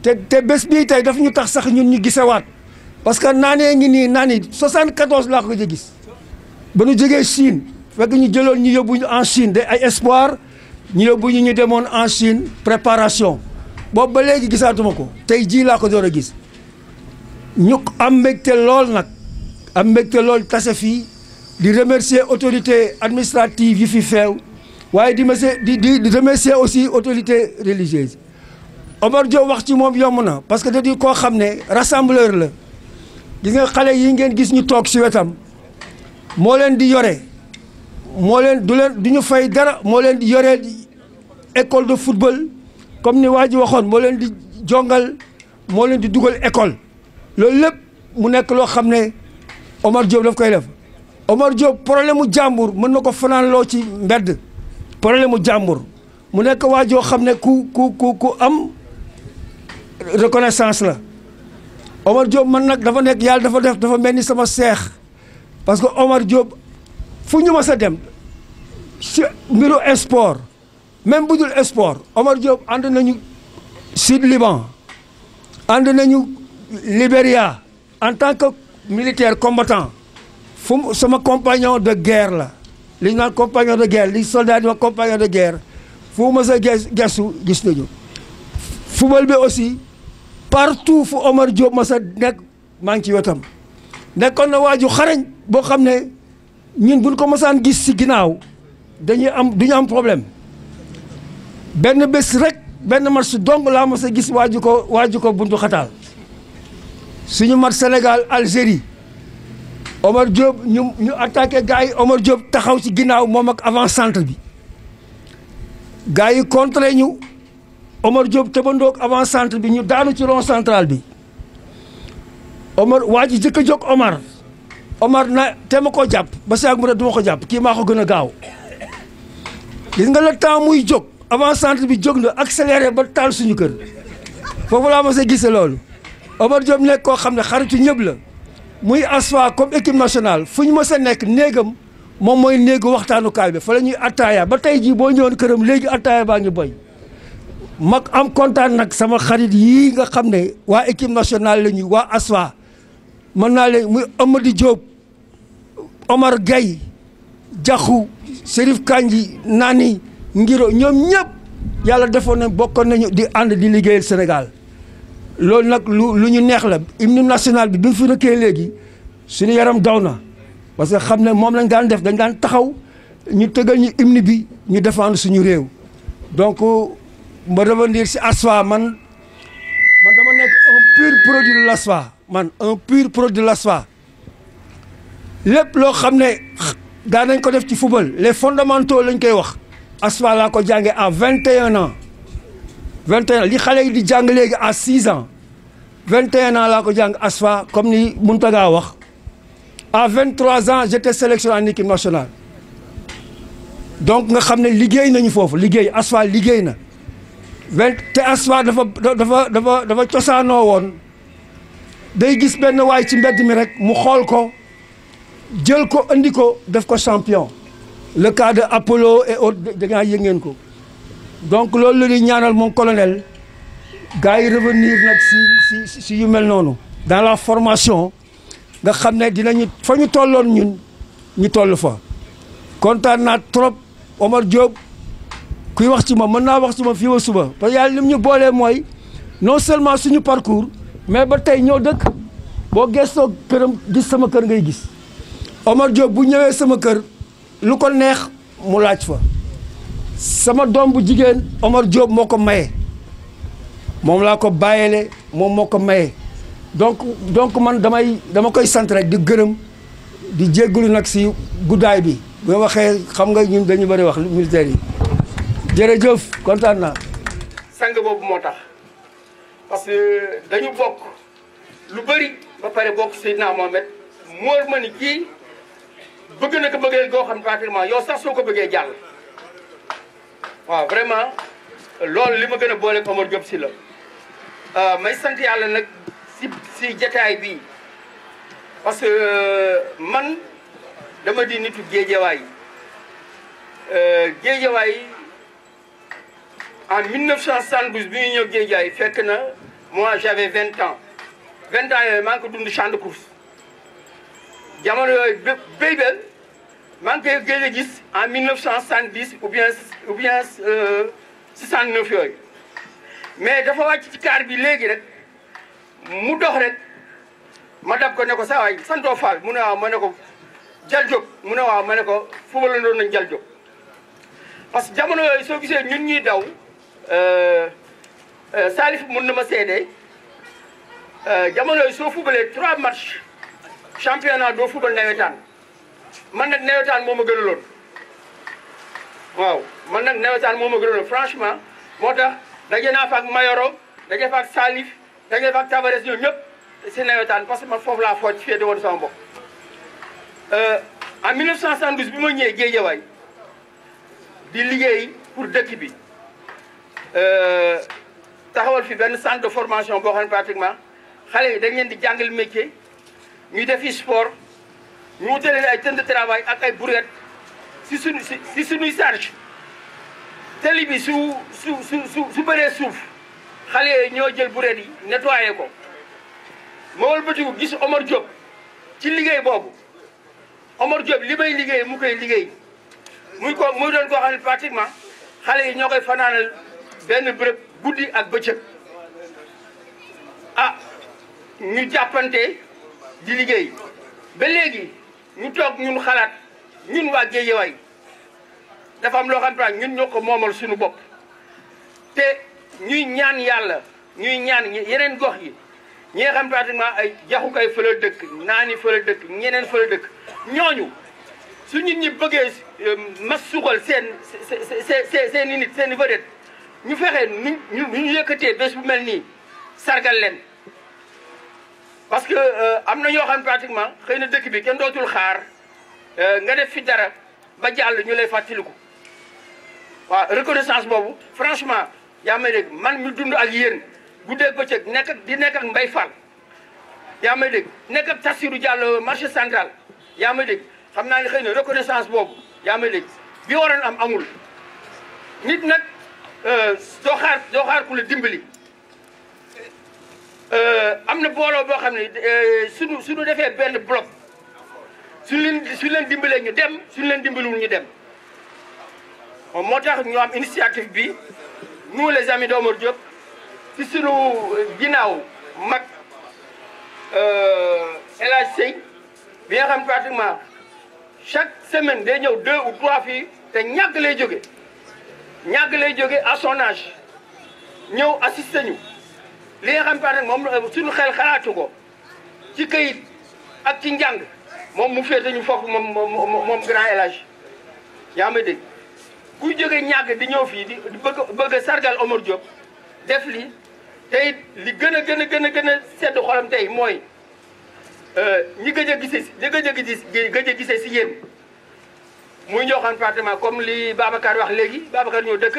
te te bés bii daf ñu tax sax ñun ñu gisewaat parce que naanee ngi nii naan yi 74 laa ko gis ba ñu jógee Chine fekk ñu jëloon ñu yóbbu ñu en Chine de ay espoir Nous avons bu ñu en Chine préparation Si ba légui gisaatuma ko vous jii ko gis ñu di remercier autorité administrative yi fi feew waye di remercier aussi autorité religieuse Omar Diop wax ci mom parce que di rassembleur la gis nga yi ngeen moo leen du leen du ñu fay dara moo leen di yoree école de football comme ni waa ji waxoon moo di jongal moo leen di dugal école loolu lépp mu nekk ne Omar Diop daf koy def Omar Diop problème mu jàmbur mën na ko fanaan loo ci mbedd problème jambour mu nekk waa joo ne ku ku ku ku am reconnaissance la Omar Diop man davon dafa nekk davon dafa def dafa sama seex parce que Omar Diop fu ñu mës a dem si mbiru sport même bu dul sport Omar Diop and nañu Sud Liban and nañu Libéria en tant que militaire combattant fu sama compagnon de guerre la li ñu compagnon de guerre li soldat wa compagnon de guerre fu mu mës a gis nañu football bi aussi partout fu Omar Diop mës a nekk maa ngi ci wetam nekkoon na waaju xarañ bo xam ñun buñ ko mësaan gis ci ginaaw dañuy am duñu am problème benn bés rek benn marché dong la mësa gis waaju ko waaju ko buntu xataal suñu mat Sénégal Algérie Omar Diop ñu ñu attaqué gaay Omar Diop taxaw ci ginaaw mom ak avant centre bi gaay yi contré ñu Omar Diop tëbandoog avant centre bi ñu daanu ci rond central bi Omar waji jëk jëkk Omar Omar na te ma ko jàpp ba saag mu ne du ma ko jàpp kii maa ko gën a gaaw gis nga la temps muy jóg avant centre bi jóg ak accéléré ba taal suñu kër foofu laa mos a gisee loolu Omar Diop nekk koo xam ne xaritu ñëpp la muy asfa comme équipe nationale fu ñu mos a nekk néegam moom mooy néegu waxtaanukaay bi fa la ñuy attaaya ba tey jii boo ñëwoon këram léegi attaaya baa ngi boy mag am kontaan nag sama xarit yii nga xam ne waa équipe nationale la ñuy waa asfa mën naa leen muy Amady Omar Gay, Jahu, Serif Kanji, Nani Ngiro nyom ñëpp yàlla defone bokon bokkoon nañu di ànd di liggéeyal senegal loolu nak lu lu ñu neex la hymne national bi bi fi rëkkee legi suñu yaram dauna, na parce que xam ne lañ daan def dañ daan taxaw ñu tëgal ñu hymne bi ñu défendre suñu réew donc euh, ma revenir si aswa man man dama nekk un pur produit de l'aswa man un pur produit de l'aswa le loo xam ne nañ ko def football les fondamentaux lañ koy wax Asma laa ko à 21 ans 21 ans li xale yi di à 6 ans 21 ans laa ko jàng aswa comme ni wax à 23 ans j'étais sélectionné en équipe nationale donc nga xam ne liggéey nañu foofu liggéey Asma na te dafa dafa dafa dafa day gis benn waay ci mbedd mi rek mu ko jël ko andi def champion le cas de Apollo et autres da ngaa ko donc loolu la colonel revenir si si dans la formation nga xam ne dinañu fa ñu ñun ñu fa trop Omar Diop kuy wax ci wax ci suba parce que yàlla lim ñu non seulement suñu parcours mais ba Omar jóob bu ñëwee sama kër lu ko neex mu laaj fa sama doom bu jigéen Omar jóob moo ko maye moom laa ko bàyyele moom moo ko maye donc donc man damay dama koy sant rek di gërëm di jéggalu nag si guddaay bi bu waxee xam nga ñun dañu bëri wax militaire yi jërëjëf kontaan naa. sang boobu moo tax parce que dañu bokk lu bëri ba pare bokk Seydina Mohamed moor ma ni bëgg na ko bëggee goo xam pratiquement yow sax soo ko bëggee jàll waaw vraiment loolu li ma gën a boole Omar Diop Sylla euh, may sant yàlla nag si si jataay bi parce que euh, man dama di nitu géejewaay euh, géejewaay sant 1972 bi ñu ñëw géejewaay fekk na moi j'avais vingt ans vingt ans yooyu maa ngi ko dund champ course jamono yooyu bé béy bel maa ngi koy gis en 1970 ou bien ou bien 69 e, yooyu mais dafa wàcc ci kaar bi léegi rek mu dox rek ma dab ko ne ko saa waay santoo Fall mu ne waaw ma ne ko Jal Diop mu ne waaw ma ne ko fu la doon nañ Jal parce jamono yooyu soo gisee ñun ñuy daw e, e, Salif mun na ma seede jamono yooyu soo fubalee trois matchs championnat doo football nawetaan man nag newetaan moo ma gënaloon waaw man nag newetaan moo ma gënaloon franchement moo tax daje naa fa ak Mayoro daje fa ak Salif daje fa ak Tabares ñoom ñëpp si nawetaan parce que man foofu laa foo féete woon sama bopp. Euh, en 1972 bi ma ñëwee Géejawaay di liggéey pour dëkk bi euh, taxawal fi benn sant de formation boo xam ne pratiquement xale yi dañ leen di jàngal métier. ñuy defi sport ñu wutale ay temps de travail ak ay brouette si suñu si suñuy charge tali bi su su su su su bëree suuf xale yooyu ñoo jël brouette yi nettoyé ko ma wëlbatiku gis Omar liggéey boobu Omar Diop li may liggéey mu koy liggéey muy ko muy doon koo xam pratiquement xale yi ñoo koy fanaanal benn bërëb guddi ak bëccëg ah ñu jàppante di liggéey ba léegi ñu toog ñun xalaat ñun waa Guédiawaye dafa am loo ñun ñoo ko moomal suñu bopp te ñuy ñaan yàlla ñuy ñaan yeneen gox yi ñi nga xam pratiquement ay jaxukaay fële dëkk naani fële dëkk ñeneen fële dëkk ñooñu su nit ñi bëggee euh, mas suxal seen seen seen nit seen i vedette ñu fexe nu ñu yëkkatee bés bu mel nii sargal leen parce que euh, am na ñoo xam pratiquement xëy na dëkk bi kenn dootul xaar euh, nga def fi dara ba jàll ñu lay fàttaliku waaw reconnaissance boobu franchement yaa ma dégg man mi dund ak yéen guddee bëccëg nekk di nekk ak Mbaye Fall yaa may dégg nekk ak Tassirou marché central yaa may dégg xam naa ne xëy na reconnaissance boobu yaa may dégg bi waroon am amul nit nag euh, doo xaar doo xaar ku la dimbali Euh, am na booloo boo ne euh, suñu suñu défé ben bloc suñu suñu Nous ñu dem suñu leen dimbalul ñu dem On ñu am initiative bi nous les amis d'Omar Diop ci suñu ginaaw mak euh chaque semaine day deux ou trois filles, té ñag lay lay à son âge ñëw assisté ñu li nga xam ne nag moom suñu xel xalaatu ko ci kayit ak ci njàng moom mu féete ñu foofu moom moom grand élage yaa may ku jóge ñàgg di ñëw fii di bëgg sargal Omar Diop def li tey li gën a gën a gën a gën a sedd xolam tey mooy euh, ñi gëj a gisee si ñi gëj a gisee si yéen muy ñoo xam département comme li Babacar wax léegi Babacar ñoo dëkk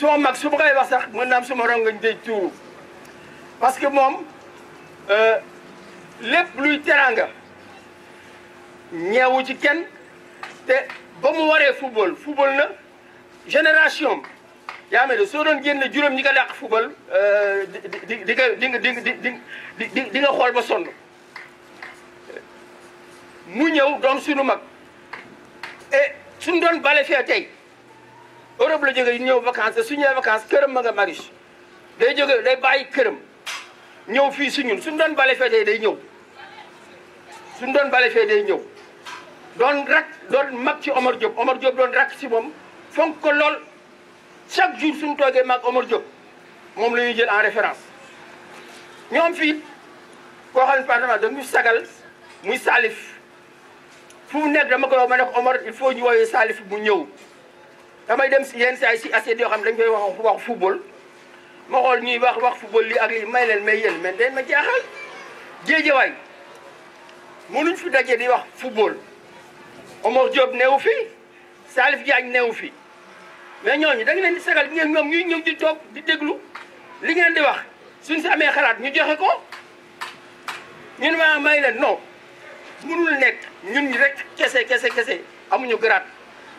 suma mag su ma koy wax sax mën naa am suma rongañ day tuuru parce que moom euh, lépp luy teraanga ñeewu ci kenn te ba mu waree football football na génération yaa ngi soo doon génn juróom ñi ko dàq football euh, di di di nga di di di nga xool ba sonn mu ñëw doon suñu mag et suñu doon bale fee tey. Europe la jógee ñëw vacances su ñëwee vacances këram ma nga Maris day jóge day bàyyi këram ñëw fii su ñun suñu doon bale fee day ñëw suñu doon bale fee day ñëw doon rak doon mag ci Omar Diop Omar Diop doon rak si moom fonk ko lool chaque jour suñu toogee mag Omar Diop moom la jël en référence ñoom fii koo xam ne parlement mu sagal muy Salif fu mu nekk dama ko wax ma ne ko il faut ñu woowee Salif mu ñëw damay dem si yenn si si assiette yoo xam dañ koy wax wax football ma xool ñuy wax wax football li ak li may may yéen mais dañ ma jaaxal géejewaay mënuñ fi daje di wax football Omar Diop neewu fi Salif Diagne fi mais ñooñu da leen di sagal ngeen ñoom ñuy ñëw di toog di déglu li ngeen di wax suñ si amee xalaat ñu joxe ko ñun ma may leen non mënul nekk ñun rek kese kese kese amuñu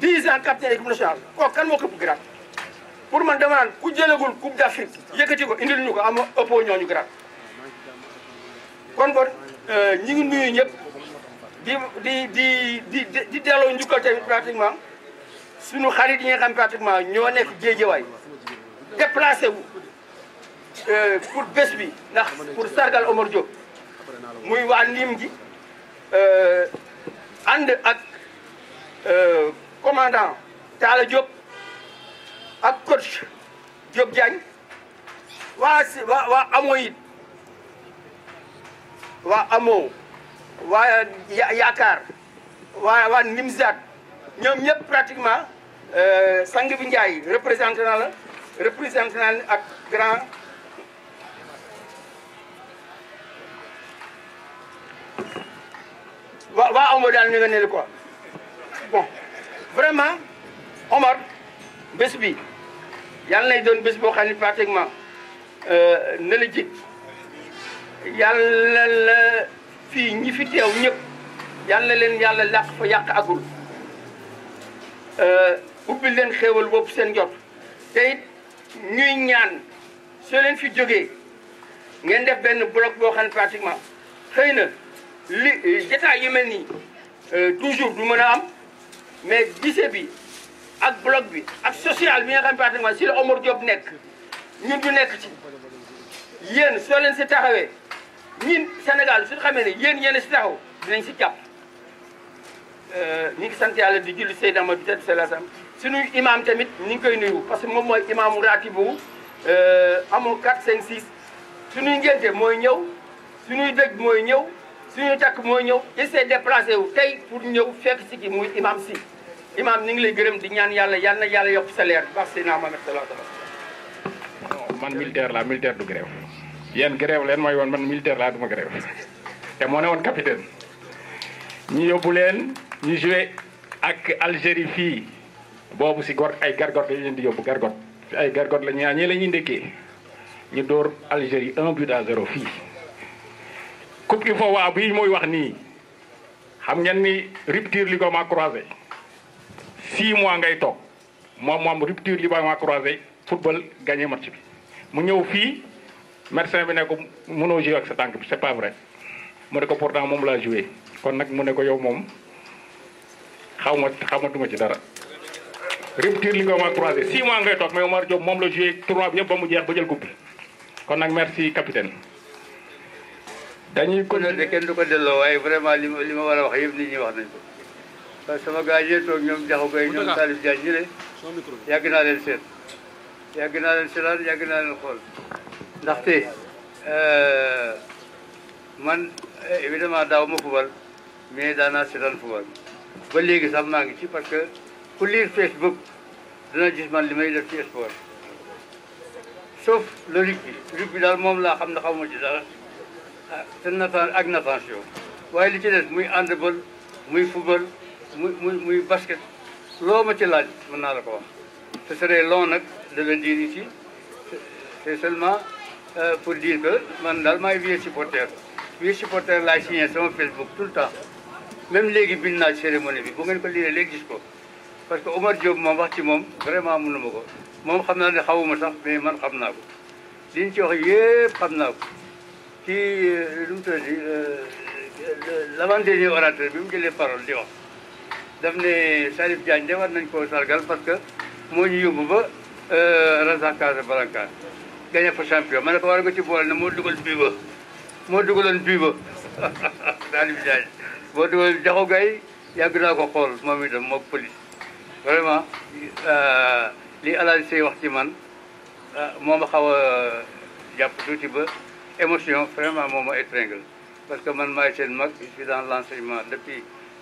10 ans capitaine équipe nationale kooku kan moo ko ëpp grade pour man dama naan ku jëlagul coupe d'Afrique yëkkati ko indil ñu ko am ëppoo ñooñu grade kon kon euh, ñi ngi nuyu ñëpp di di di di di delloo njukkal tamit pratiquement suñu xarit yi nga xam pratiquement ñoo nekk géejewaay déplacé wu euh, pour bés bi ndax pour sargal Omar Diop muy waa niim gi euh, ànd ak. commandant Talla Diop ak coach Diop Diagne waa si waa waa amoo waa amoo waa yaakaar waa waa Nimzat ñoom ñëpp pratiquement euh, sang bi Ndiaye représenté na la na ak grand waa waa amoo daal ñu ne quoi bon vraiment Omar bés bi yàlla nay doon bés boo xam ne pratiquement euh, ne la jig yàlla fii ñi fi teew ñëpp yàlla leen yàlla làq fa yàq agul euh, ubbi leen xéewal boobu seen jot te ñuy ñaan soo leen fi jóge ngeen def benn bloc boo xam ne pratiquement xëy na li jotaay yu mel euh, toujours du mën a am mais gise bi ak bloc bi ak social bi nga xam pratiquement si la Omar Diop nek ñun ñu nek ci yeen so leen ci taxawé ñun Sénégal suñu xamé ne yeen yeen ci taxaw dinañ si jàpp euh, ñu ngi sant Yalla di jullu Seydina Amady Tade Salasam suñu imam tamit ñi ngi koy nuyu parce que mom moy imam imaamu euh amul 4 5 6 suñu ngenté moy ñew suñu dëj moy ñew suñu takk moy ñew il s'est déplacé wu tey pour ñew fekk ci ki moy imam si. imaam ñu ngi lay gërëm di ñaan yàlla yàlla yokk sa leer baax si naa Mohamed sallallahu alayhi wa sallam man militaire laa militaire du grève yéen grève leen mooy woon man militaire laa du ma te moo ne woon capitaine ñu yóbbu leen ñu joué ak Algérie fii boobu si gor ay gargot la leen di yóbbu gargote ay gargote la ñu ñii la ñuy ndekkee ñu dóor Algérie un but à zéro fii coupe il faut waaw bii mooy wax nii xam ngeen ni rupture li ko ma 6 mois ngay tok mom mom rupture ligament croisé football gagné match bi mu ñew fi médecin bi ne ko mënoo jouer ak sa tank bi c'est pas vrai mu ne ko pourtant mom la jouer kon nak mu ne ko yow mom xawma ma duma ci dara rupture ligament croisé 6 mois ngay tok mais Omar Diop mom la jouer trois bi yëpp ba mu jeex ba jël coupe kon nak merci capitaine dañuy ko continuer ken du ko delo way vraiment lima ma li wax yeb nit ñi wax nañ ko Kwa sama gaaje to ñoom jaxu bay ñoom Salif Diagne ñu ne yàgg naa leen seet yàgg naa leen seetaan yàgg naa leen xool ndaxte man évidemment daaw ma fubal Facebook dana gis man li may def ci sport sauf le rugby rugby daal moom laa ne xamuma ci dara te nataan ak natation waaye li ci des muy handball muy muy muy muy basket loo ma ci laaj mën naa la ko wax ce serait long nag de le dire ici c'est seulement euh, pour dire que man daal maay vieux supporter vieux supporter la signé sama Facebook tout le temps même léegi bind naa cérémonie bi bu ngeen ko lire léegi gis ko parce que Omar Diop moom wax ci moom vraiment mënu ma ko moom xam naa ne xawuma sax mais man xam naa ko li ñu ci wax yëpp xam naa ko ci euh, lu mu tuddati euh, l'avant-dernier orateur bi mu jëlee parole di daf ne Salif Diagne de war nañ koo sargal parce que moo ñu yóbbu ba euh, Razak Casablanca gagné fa champion ma ne ko war nga ci boole moo dugal bii moo dugaloon bii ba [LAUGHS] Salif Diagne moo dugal jaxu gay yàgg naa ko xool moo itam moog police vraiment euh, li Alaaji Sey wax ci man euh, moo ma xaw a jàpp tuuti ba émotion vraiment moo ma étrangle parce que man ma seen mag je suis dans l'enseignement depuis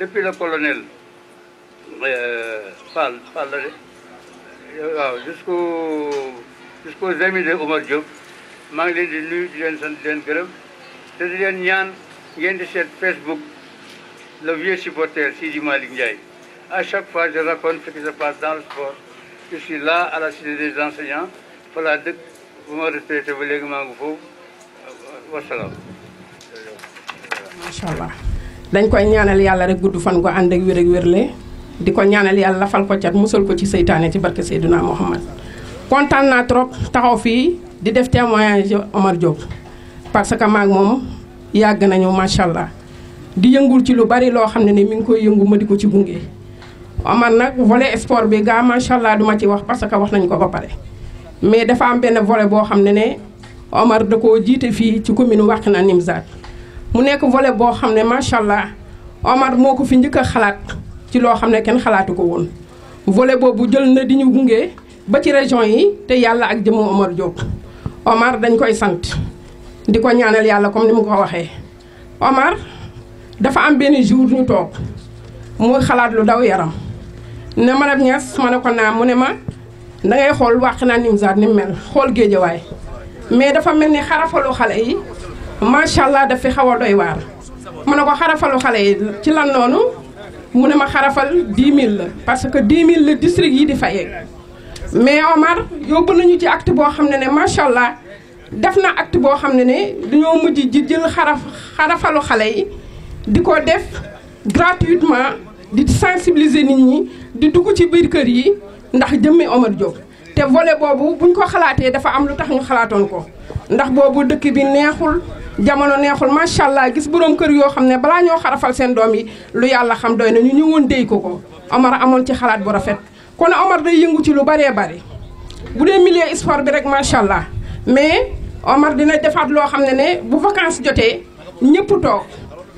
depuis le colonel euh, Fall, euh, jusqu'au jusqu'aux amis de Omar Diop maa de Nu, di nuyu di leen sant di leen Facebook le vieux supporter Sidi Malik Ndiaye. À chaque fois, je raconte ce qui se passe dans le sport. Je suis là à la cité des enseignants. Voilà, dès vous me respectez, vous voulez que je m'en Wassalam. dañ koy ñaanal yàlla rek gudd fan gu ànd ak wér ak wérle di ko ñaanal yàlla lafal ko cat musal ko ci seytaane ci barke Seydina Muhammad kontaan naa trop taxaw fii di def témoignage Omar Diop parce que maak moom yàgg nañu macha allah di yëngul ci lu bari loo xam ne ni mi ngi koy yëngu ma di ko ci gunge Omar nag volet sport bi gaa macha allah duma ci wax parce que wax nañu ko ba pare mais dafa am benn vole boo xam ne ne Omar da koo jiite fii ci commune Wakhinane Nimzatt mu nekk volet boo xam ne macha allah Omar moo ko fi njëkk a xalaat ci loo xam ne kenn xalaatu ko woon vole boobu jël na di ñu gunge ba ci région yi te yàlla ak jëmu Omar Diop Omar dañ koy sant di ko ñaanal yàlla comme ni mu ko waxee Omar dafa am benn jour ñu toog muy xalaat lu daw yaram ne ma dem ñes ma ne ko naa mu ne ma dangay xool wax naa Nimzaat ni mu mel xool géejawaay mais dafa mel ni xarafalu xale yi macha allah daf fi xaw a doy waar mu ne ko xarafalu xale yi ci lan noonu mu ne ma xarafal 10 000 la parce que 10 000 la district yi di fayee mais Omar yóbbu nañu ci act boo xam ne ne macha allah def na act boo xam ne ne dañoo mujj ji jël xaraf xarafalu xale yi di ko def gratuitement di sensibiliser nit ñi di dugg ci biir kër yi ndax jëmmi Omar Diop. te volet boobu buñ ko xalaatee dafa am lu tax ñu xalaatoon ko ndax boobu dëkk bi neexul. jamono neexul macha allah gis borom kër yoo xam ne balaa ñoo xarafal seen doom yi lu yàlla xam doy na ñu ñëwoon déy ko ko Omar amoon ci xalaat bu rafet. kon Omar day yëngu ci lu baree bari bu dee milieu sport bi rek macha allah mais Omar dina defaat loo xam ne ne bu vacances jotee ñëpp toog.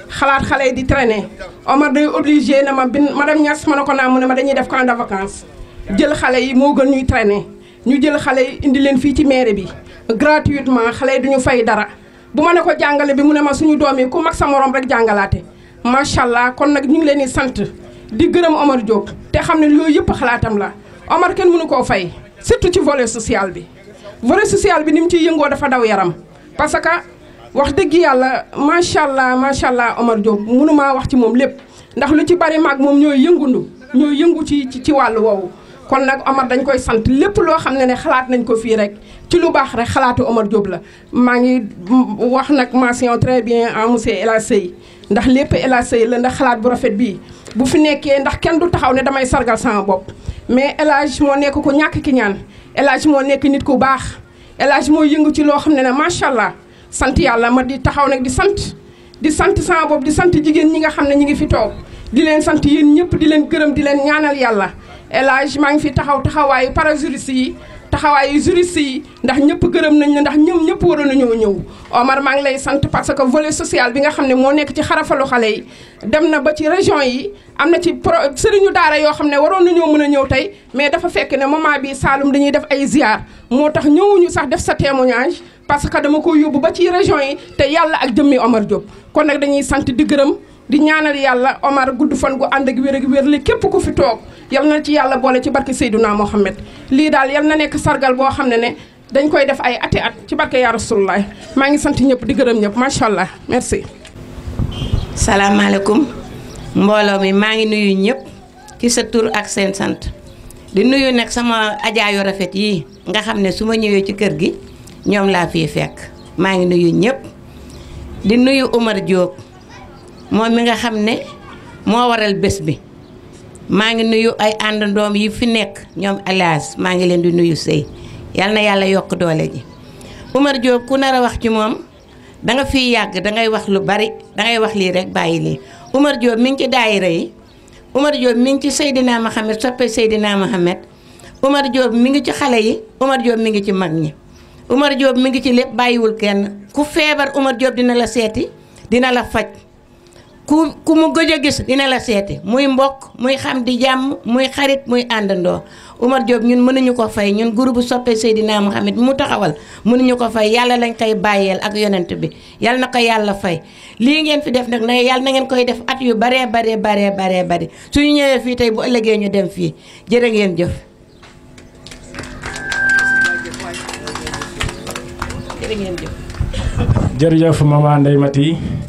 xalaat xale yi di traîner Omar day obligé na ma bin madame Niass ma ne ko naa mu ne ma dañuy def camp de jël xale yi moo gën ñuy traîner ñu jël xale yi indi leen fii ci mairie bi gratuitement xale yi duñu fay dara. bu ma ne ko jàngale bi mu ne ma suñu doom yi ku mag sa morom rek jàngalaate macha allah kon nag ñu ngi leen di sant di gërëm Omar Diop te xam ne loolu yëpp xalaatam la Omar kenn mënu koo fay surtout ci volet social bi volet social bi ni mu ciy yëngoo dafa daw yaram parce que wax dëgg yàlla macha allah macha allah Omar Diop maa wax ci moom lépp ndax lu ci bari maag moom ñooy yëngundu ñooy yëngu ci ci wàllu woowu kon nag Omar dañ koy sant lépp loo xam ne ne xalaat nañ ko fii rek ci lu baax rek xalaatu Omar Diop la maa ngi wax nag mention très bien à monsieur El ndax lépp El Hadj la ndax xalaat bu rafet bii bu fi nekkee ndax kenn du taxaw ne damay sargal sama bopp mais elage Hadj moo nekk ko ñàkk ki ñaan elage Hadj moo nekk nit ku baax elage Hadj moo yëngu ci loo xam ne ne macha allah sant yàlla ma di taxaw nag di sant di sant sama bopp di sant jigéen ñi nga xam ne ñu ngi fi toog di leen sant yéen ñëpp di leen gërëm di leen ñaanal yàlla elage Hadj maa ngi fi taxaw taxawaayu parajuriste yi taxawaayu juriste yi ndax ñëpp gërëm nañ la ndax ñëw ñëpp waroon nañoo ñëw Omar maa ngi lay sant parce que volet sociale bi nga xam ne moo nekk ci xarafalu xale yi dem na ba ci région yi am na ci pro sëriñu daara yoo xam ne waroon nañoo mën a ñëw tey mais dafa fekk ne moment bi Saalum dañuy def ay ziar moo tax ñëwuñu sax def sa témoignage parce que dama ko yóbbu ba ci région yi te yàlla ak jëmmi Omar Diop kon nag dañuy sant di gërëm di ñaanal yàlla Omar gudd fan gu ànd ak wér ak wér li képp ku fi toog yal na ci yalla boole ci barke sayyiduna Muhammad. li dal yal na nek sargal bo xam ne dañ koy def ay ati at ci barke ya rasulullah ma ngi sant ñëpp di gërëm ñëpp machallah allah salam alaykum mbolo mi ma ngi nuyu ñëpp ci sa tur ak sen sant di nuyu nek sama yo rafet yi nga xam suma su ci kër gi ñom la fi fekk ma ngi nuyu ñëpp di nuyu Omar Diop mo mi nga xam mo waral bes bi. maa ngi nuyu ay àndandoom yi fi nekk ñoom alias maa ngi leen di nuyu sëy yal na yàlla yokk doole ji Umar Diop ku nar a wax ci moom danga fiy yàgg dangay wax lu bari dangay wax lii rek bàyyi lii Umar Diop mi ngi ci daayira yi Umar Diop mi ngi ci Seydina Mohamed soppe Seydina Mohamed Umar Diop mi ngi ci xale yi Umar Diop mi ngi ci mag ñi Umar Diop mi ngi ci lépp bàyyiwul kenn ku feebar Umar Diop dina la seeti dina la faj ku ku mu gëj gis dina la seeti muy mbokk muy xam di jàmm muy xarit muy àndandoo Umar Diop ñun mënuñu ko fay ñun groupe soppe Seydina Mohamed mu taxawal mënuñu ko fay yàlla lañ koy bàyyeel ak yonent bi yàlla na ko yàlla fay lii ngeen fi def nag na yàlla na ngeen koy def at yu baree baree baree baree bari suñu ñëwee fii tey bu ëllëgee ñu dem fii jërë ngeen jëf jërë ngeen jëf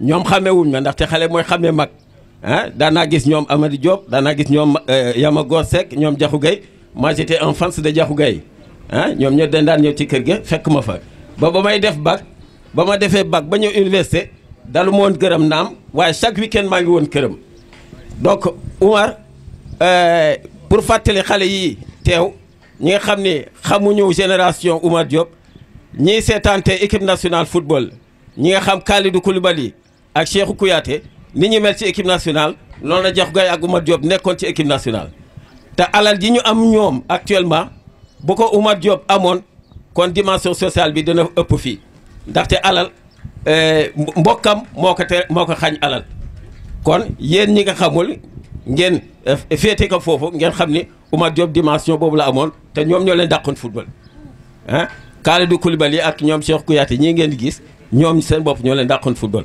Nous wuñ ma ndaxte xale mooy xamee mag ah, nous nous gis ñom amadou Diop nous gis ñom euh, Yama ñom nous gay ma j'étais en de jaxu Nous hein ñom ñu ci kër ga fekk ma fa ba ba def bac bama défé bac ba université dalu chaque week-end ngi donc Oumar euh, pour faire xalé yi teew ñi nga xamuñu génération Oumar Diop ñi équipe nationale football ñi xam Kalidou Koulibaly ak Cheikhou Kouyaté ni ñu mel ci équipe nationale non la jox gay ak Oumar Diop nekkoon ci équipe nationale. ta alal ji ñu am ñom actuellement bu ko Oumar Diop amone kon dimension sociale bi dina ëpp ndax ndaxte alal euh mbokam moko te moko xagn alal kon yeen ñi nga xamul ngeen eh, féete ko fofu ngeen xamni Oumar Diop dimension bobu la amone te ñom ñoleen leen football hein Kalidou Koulibaly ak ñom Cheikh Kouyaté ñi ngeen gis ñom seen bopp ñoleen leen football.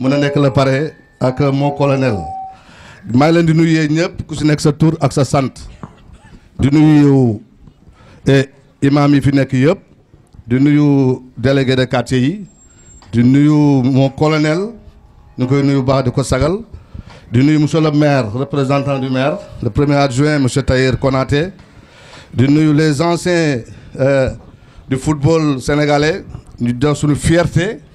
Mon a la ak mon colonel maa ngi leen di nuyu ñëpp ku si nekk sa tour ak sa sant di nuyu eh, imam yi fi nekk di délégué de quartier yi mon colonel monsieur le maire représentant du maire le premier adjoint monsieur Tahir Konaté di nuyu les anciens euh, du football sénégalais ñu def suñu fierté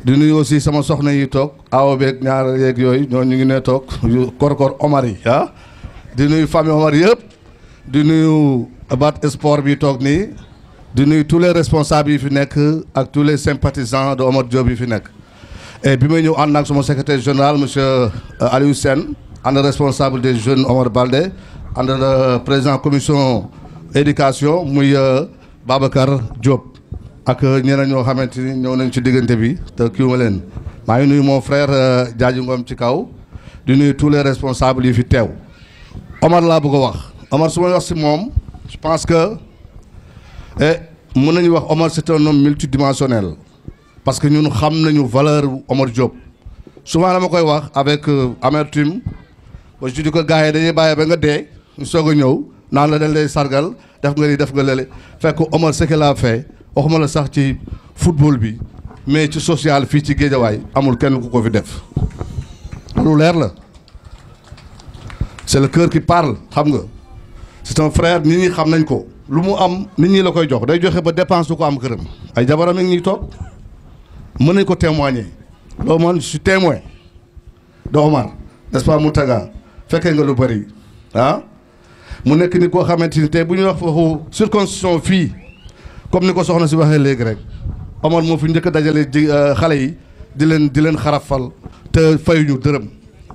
di nuyu aussi sama soxna yi tok awo beeg ñaar yek yoy ñoo ñu ngi ne kor kor Omar yi ha ah. di nuyu famille Omar yëpp di nuyu abat sport bi tok ni di nuyu tous les responsables yi fi nek ak tous les sympathisants de Omar Diop yi fi nek et bi ma ñeu and ak sama secrétaire général monsieur euh, Aliou sen and responsable des jeunes Omar Balde euh, le président commission éducation muy euh, Babacar Diop ak ñeneen ñoo xamante ni ñëw nañ ci diggante bi te kii ma leen maa ngi nuyu mon frère Diadji euh, Ngom ci kaw di nuy tous les responsables yi fi teew Omar laa bëgg a wax Omar su may wax si moom je pense que eh, mën nañu wax Omar c'est un homme multidimensionnel parce que ñun xam nañu valeur Omar Diop souvent dama koy wax avec euh, amertume ba je dis gars yi dañuy bàyyi ba nga dee ñu soog ñëw naan la dañ lay sargal def nga lii def nga lële fekk Omar ce la a waxuma la sax ci football bi mais ci social fii ci géejawaay amul kenn ku ko fi def lu leer la c'est le cœur qui parle xam nga c'est un frère nit ñi xam nañ ko lu mu am nit ñi la koy jox day joxe ba dépense ko am këram ay jabaram ak ñuy toog mën nañ ko témoigner loolu man je témoin de Omar n'est-ce pas Moutaga fekkee nga lu bëri ah mu nekk ni koo xamante ni tey bu ñuy wax foofu circonscription fii comme ni ko soxna si waxee léegi rek Omar moo fi njëkk a dajale ji euh, xale yi di leen di leen xarafal te fayuñu dërëm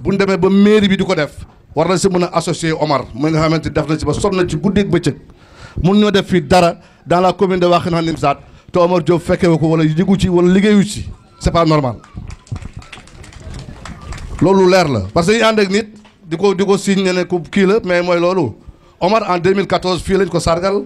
bu ñu demee ba mairie bi di ko def war na si mën a associer Omar muy nga xamante def na si ba sonn na ci guddeeg bëccëg mun ñoo def fii dara dans la commune de Wakhinane Nimzatt te Omar Diop fekkewu ko wala yëgu ci wala liggéeyu ci c'est pas normal loolu leer la parce que ñu ànd nit di ko di ko signé ne ku kii la mais mooy loolu Omar en 2014 fii lañ ko sargal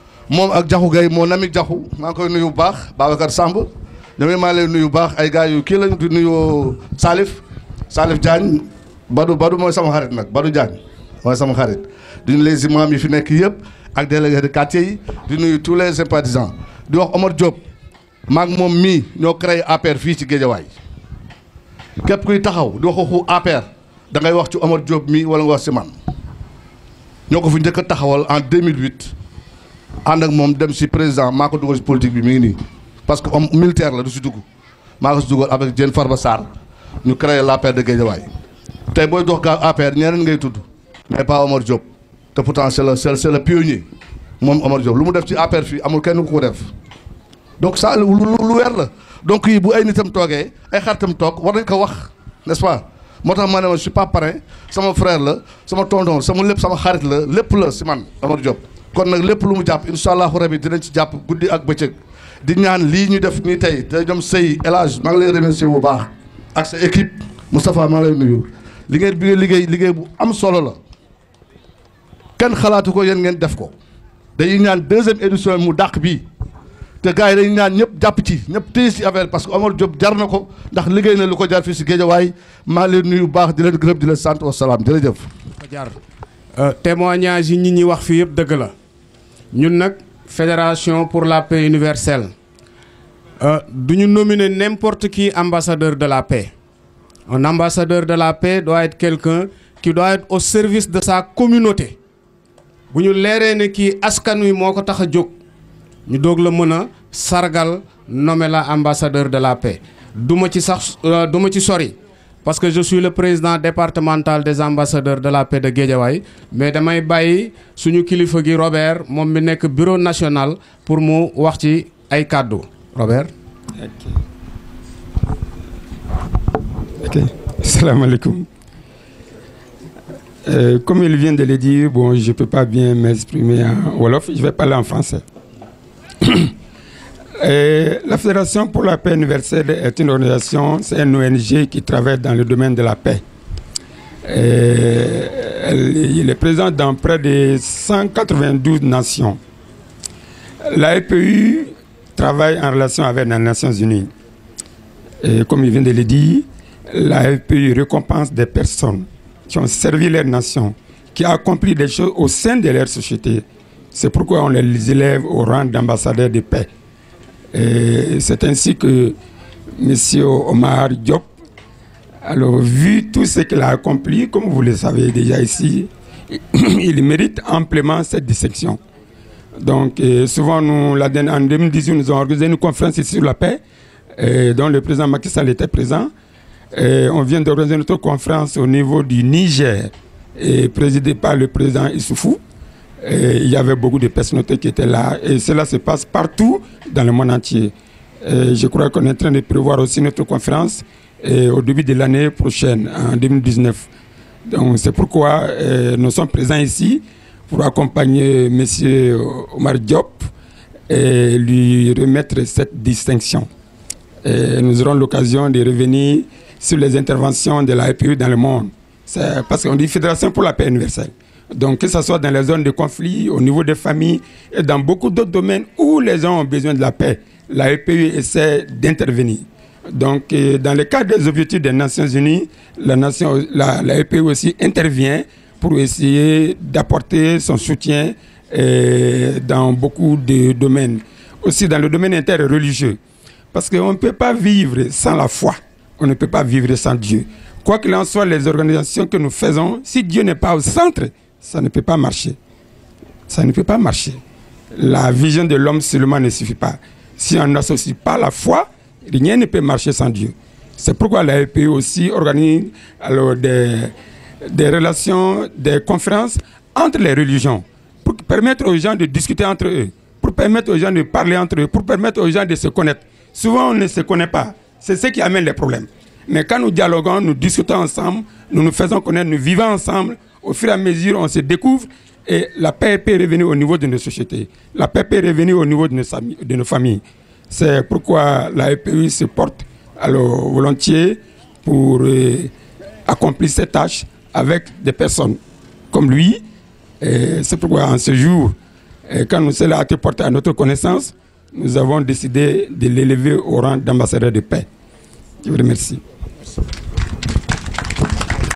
mom ak jaxu gay mo namik jaxu ma koy nuyu bax babakar Samb dama ma lay nuyu bax ay gaay yu ki lañ du nuyu Salif Salif Diagne badu badu moy sama xarit nak badu Diagne moy sama xarit di nuyu les imam yi fi nek yeb ak délégué de quartier yi di nuyu tous les sympathisants di wax Omar job maak mom mi ño créer APR fi ci way kep kuy taxaw di wax waxu APR da ngay wax ci Omar job mii wala nga wax si man ñoko fi taxawal en 2008. ànd ak moom dem si président maa ko dugal si politique bi mu ngi nii parce que homme militaire la du si dugg maa ko si dugal avec Diène Farba Sarr ñu créé l'APR de Guédiawaye tey booy dox gaa APR ñeneen ngay tudd mais pas Omar Diop te pourtant c'est le c'est le pionnier moom Omar Diop lu mu def ci APR fii amul kenn ku ko def donc ça lu lu weer la donc yii bu ay nitam toogee ay xaritam toog war nañ ko wax n'est-ce pas moo tax ma ne ma je suis pas parrain sama frère la sama tonton sama lépp sama xarit la lépp la si man Omar Diop kon nag lépp lu mu jàpp incha allahu rabi dinañ ci jàpp guddi ak bëccëg di ñaan lii ñu def nii tey te ñoom sëy El Hadj maa lay remercier bu baax ak sa équipe Moustapha maa ngi lay nuyu li ngeen bi liggéey liggéey bu am solo la kenn xalaatu ko yéen ngeen def ko dañuy ñaan deuxième édition mu dàq bii te gars yi dañuy ñaan ñëpp jàpp ci ñëpp téye si affaire parce que Omar jot jar na ko ndax liggéey na lu ko jar fii si Géejawaay maa ngi leen nuyu bu baax di leen gërëm di leen sant wasalaam jërëjëf. ko jar euh, témoignage yi ñi ñi wax fii yëpp dëgg la. ñun la fédération pour la paix universelle Nous euh, duñu nominer n'importe qui ambassadeur de la paix un ambassadeur de la paix doit être quelqu'un qui doit être au service de sa communauté Nous ñu leeree ne kii askan wi moo nous. tax ñu dog la sargal nomé la ambassadeur de la paix duma ci sax euh, duma parce que je suis le président départemental des ambassadeurs de la paix de Guédiawaye mais damay je suñu kilifa Robert mon bureau national pour mon wax ci Robert. ok ok euh, comme il vient de le dire bon je peux pas bien m'exprimer en wolof je vais parler en français. [CLEARS THROAT] la Fédération pour la paix universelle est une organisation, c'est une ONG qui travaille dans le domaine de la paix. elle, est présente dans près de 192 nations. La FPU travaille en relation avec les Nations Unies. Et comme il vient de le dire, la FPU récompense des personnes qui ont servi leurs nations, qui ont accompli des choses au sein de leur société. C'est pourquoi on les élève au rang d'ambassadeurs de paix. C'est ainsi que M. Omar Diop, alors vu tout ce qu'il a accompli, comme vous le savez déjà ici, [COUGHS] il mérite amplement cette dissection. Donc euh, souvent, nous, en 2018, nous avons organisé une conférence ici sur la paix, euh, dont le président Macky Sall était présent. Euh, on vient d'organiser notre conférence au niveau du Niger, présidée par le président Issoufou il y avait beaucoup de personnalités qui étaient là et cela se passe partout dans le monde entier. je crois qu'on est en train de prévoir aussi notre conférence et eh, au début de l'année prochaine, en 2019. Donc c'est pourquoi eh, nous sommes présents ici pour accompagner M. Omar Diop et lui remettre cette distinction. nous aurons l'occasion de revenir sur les interventions de la Rpu dans le monde. parce qu'on dit Fédération pour la paix universelle. Donc que ce soit dans les zones de conflit, au niveau des familles et dans beaucoup d'autres domaines où les gens ont besoin de la paix, la EPU essaie d'intervenir. Donc euh, dans le cadre des objectifs des Nations Unies, la, nation, EPU aussi intervient pour essayer d'apporter son soutien euh, dans beaucoup de domaines. Aussi dans le domaine interreligieux. Parce qu'on ne peut pas vivre sans la foi. On ne peut pas vivre sans Dieu. Quoi qu'il en soit, les organisations que nous faisons, si Dieu n'est pas au centre, ça ne peut pas marcher. Ça ne peut pas marcher. La vision de l'homme seulement ne suffit pas. Si on n'associe pas la foi, rien ne peut marcher sans Dieu. C'est pourquoi la LPE aussi organise alors des, des relations, des conférences entre les religions pour permettre aux gens de discuter entre eux, pour permettre aux gens de parler entre eux, pour permettre aux gens de se connaître. Souvent, on ne se connaît pas. C'est ce qui amène les problèmes. Mais quand nous dialoguons, nous discutons ensemble, nous nous faisons connaître, nous vivons ensemble, au fur et à mesure, on se découvre et la paix peut revenir au niveau de nos sociétés. La paix peut revenir au niveau de nos, de nos familles. C'est pourquoi la EPU se porte alors, volontiers pour euh, accomplir ses tâches avec des personnes comme lui. C'est pourquoi en ce jour, euh, quand nous cela a été à notre connaissance, nous avons décidé de l'élever au rang d'ambassadeur de paix. Je vous remercie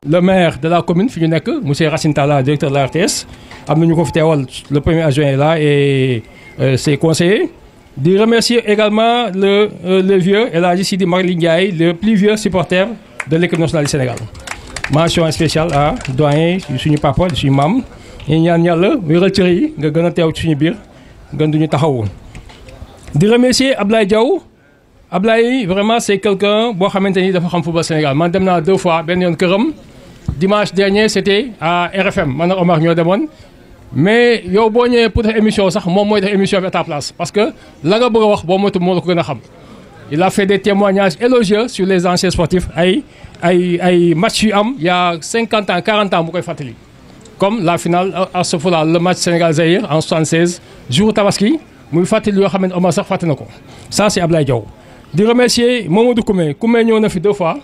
le maire de la commune fi ñu monsieur Racine Tala, directeur de la RTS am ñu le premier adjoint est là et euh, ses conseillers di remercier également le euh, le vieux El Hadji Sidi Marli Ndiaye le plus vieux supporter de l'équipe nationale du Sénégal mention spéciale à doyen suñu papa suñu maam ñu ñaan yàlla wéral cër je nga gën a teew ci suñu biir gën duñu taxawu di remercier Ablaï Diaw Ablaï, vraiment c'est quelqu'un qui a ni dafa xam football Sénégal man dem deux fois benn yoon këram dimanche dernier c'était à RFM maintenant Omar ñoo mais yow boo ñëwee pour émission sax moom mooy def émission bi ta place parce que la nga bëgg wax boo le il a fait des témoignages élogieux sur les anciens sportifs Il ay ay match yu am y a 50 ans 40 ans bu koy fàttali comme la finale à moment-là, le match Sénégal Zaïre en 76 jour Tabaski muy fàttali yoo xam ne Omar sax ça c'est à Diaw Je remercie Momo Koumé Koumé ñëw a fi deux fois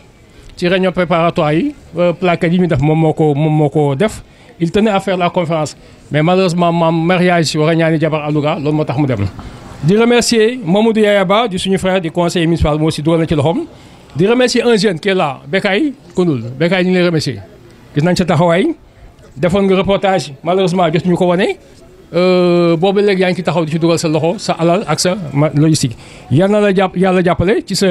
ci réunion préparatoire yi euh, plaquette yi ñu def moom moo ko moom moo ko def il tenait à faire la conférence mais malheureusement maam mariage war a jabar Alouga, Louga loolu moo tax mu dem di remercier Mamoudou Yaya Ba di suñu frère di conseiller municipal moo si dugal na ci loxoom di remercier un jeune qui est là Bekay Koundoul Bekay ñu le lay remercier gis nañ sa taxawaay defoon nga reportage malheureusement ñu ko wane euh, boobu léegi yaa ngi ci taxaw di ci dugal sa loxo sa alal ak sa logistique yal la jàpp yàlla jàppale ci sa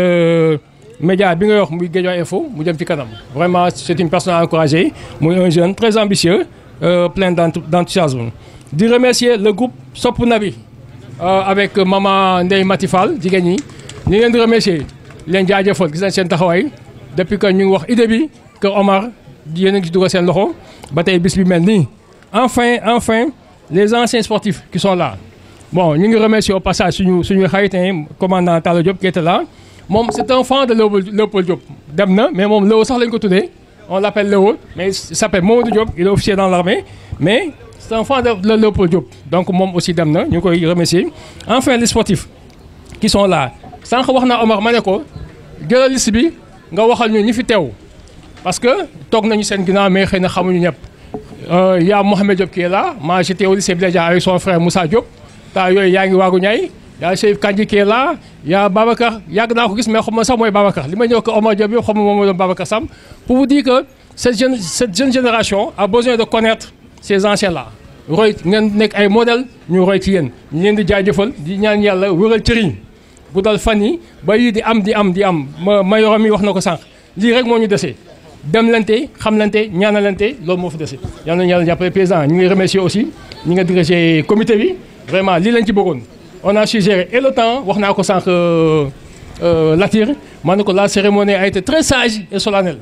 média bi nga wax muy Gédio Info mu jëm ci kanam vraiment c'est une personne à encourager muy un jeune très ambitieux euh, plein d'enthousiasme di remercier le groupe Sopu Nabi euh, avec maman Ndeye Matifal jigéen ñi ñu leen di remercier leen jaajëfal gis nañ seen taxawaay depuis que ñu ngi wax idée bi que Omar yéen a ngi ci dugal seen loxo ba tey bis bi mel nii enfin enfin les anciens sportifs qui sont là bon ñu ngi remercier au passage suñu suñu xarit hein, commandant Talla Diop qui était là moom c'est un fan de Léopold Diop demna mais mom le sax lañ ko tudé on l'appelle Léo mais il s'appelle Mamadou Diop il est officier dans l'armée mais c'est un fan de Léopold Diop donc mom aussi demna na ñu koy remercier enfin les sportifs qui sont là sank wax na Omar Maneko ne liste bi nga waxal ñu ñi fi tew parce que tok nañu seen ginnaaw mais xëy na ñu ñep euh, y a Mohamed Diop qui est là moi j'étais au lycée déjà avec son frère Moussa Diop ta yoy yaa ngi waagu yaa Chérif Kandji Kélla yaa Babacar yàgg naa ko gis mais xam ma sax mooy Babacar li ma ñëw ko Omar Diop yëpp xam ma moom mooy doon Babacar Sam pour vous dire que cette jeune cette jeune génération a besoin de connaître ces anciens là roy ngeen nekk ay modèle ñu roy ci yéen ñu leen di jaajëfal di ñaan yàlla wéral cëriñ bu dal fan yi ba yii di am di am di am ma mayoram yi wax na ko sànq rek moo ñu desee dem lante xam lante ñaanalante loolu mo fa dese yalla ñu yalla jàppale président ñu ngi remercier aussi ñi nga dirigé comité bi vraiment li lañ ci bëggone on a su gérer. Et le temps, on a consent que euh, euh La la cérémonie a été très sage et solennelle.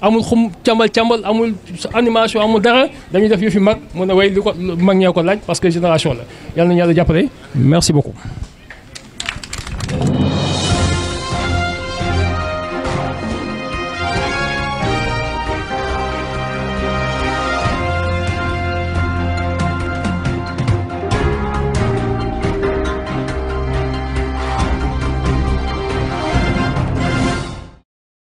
amul xum càmbal càmbal amul animation amul dara dañuy def yëf yu mag mun a wéy li ko mag ñoo ko laaj parce que génération la yàlla na yàlla jàppale merci beaucoup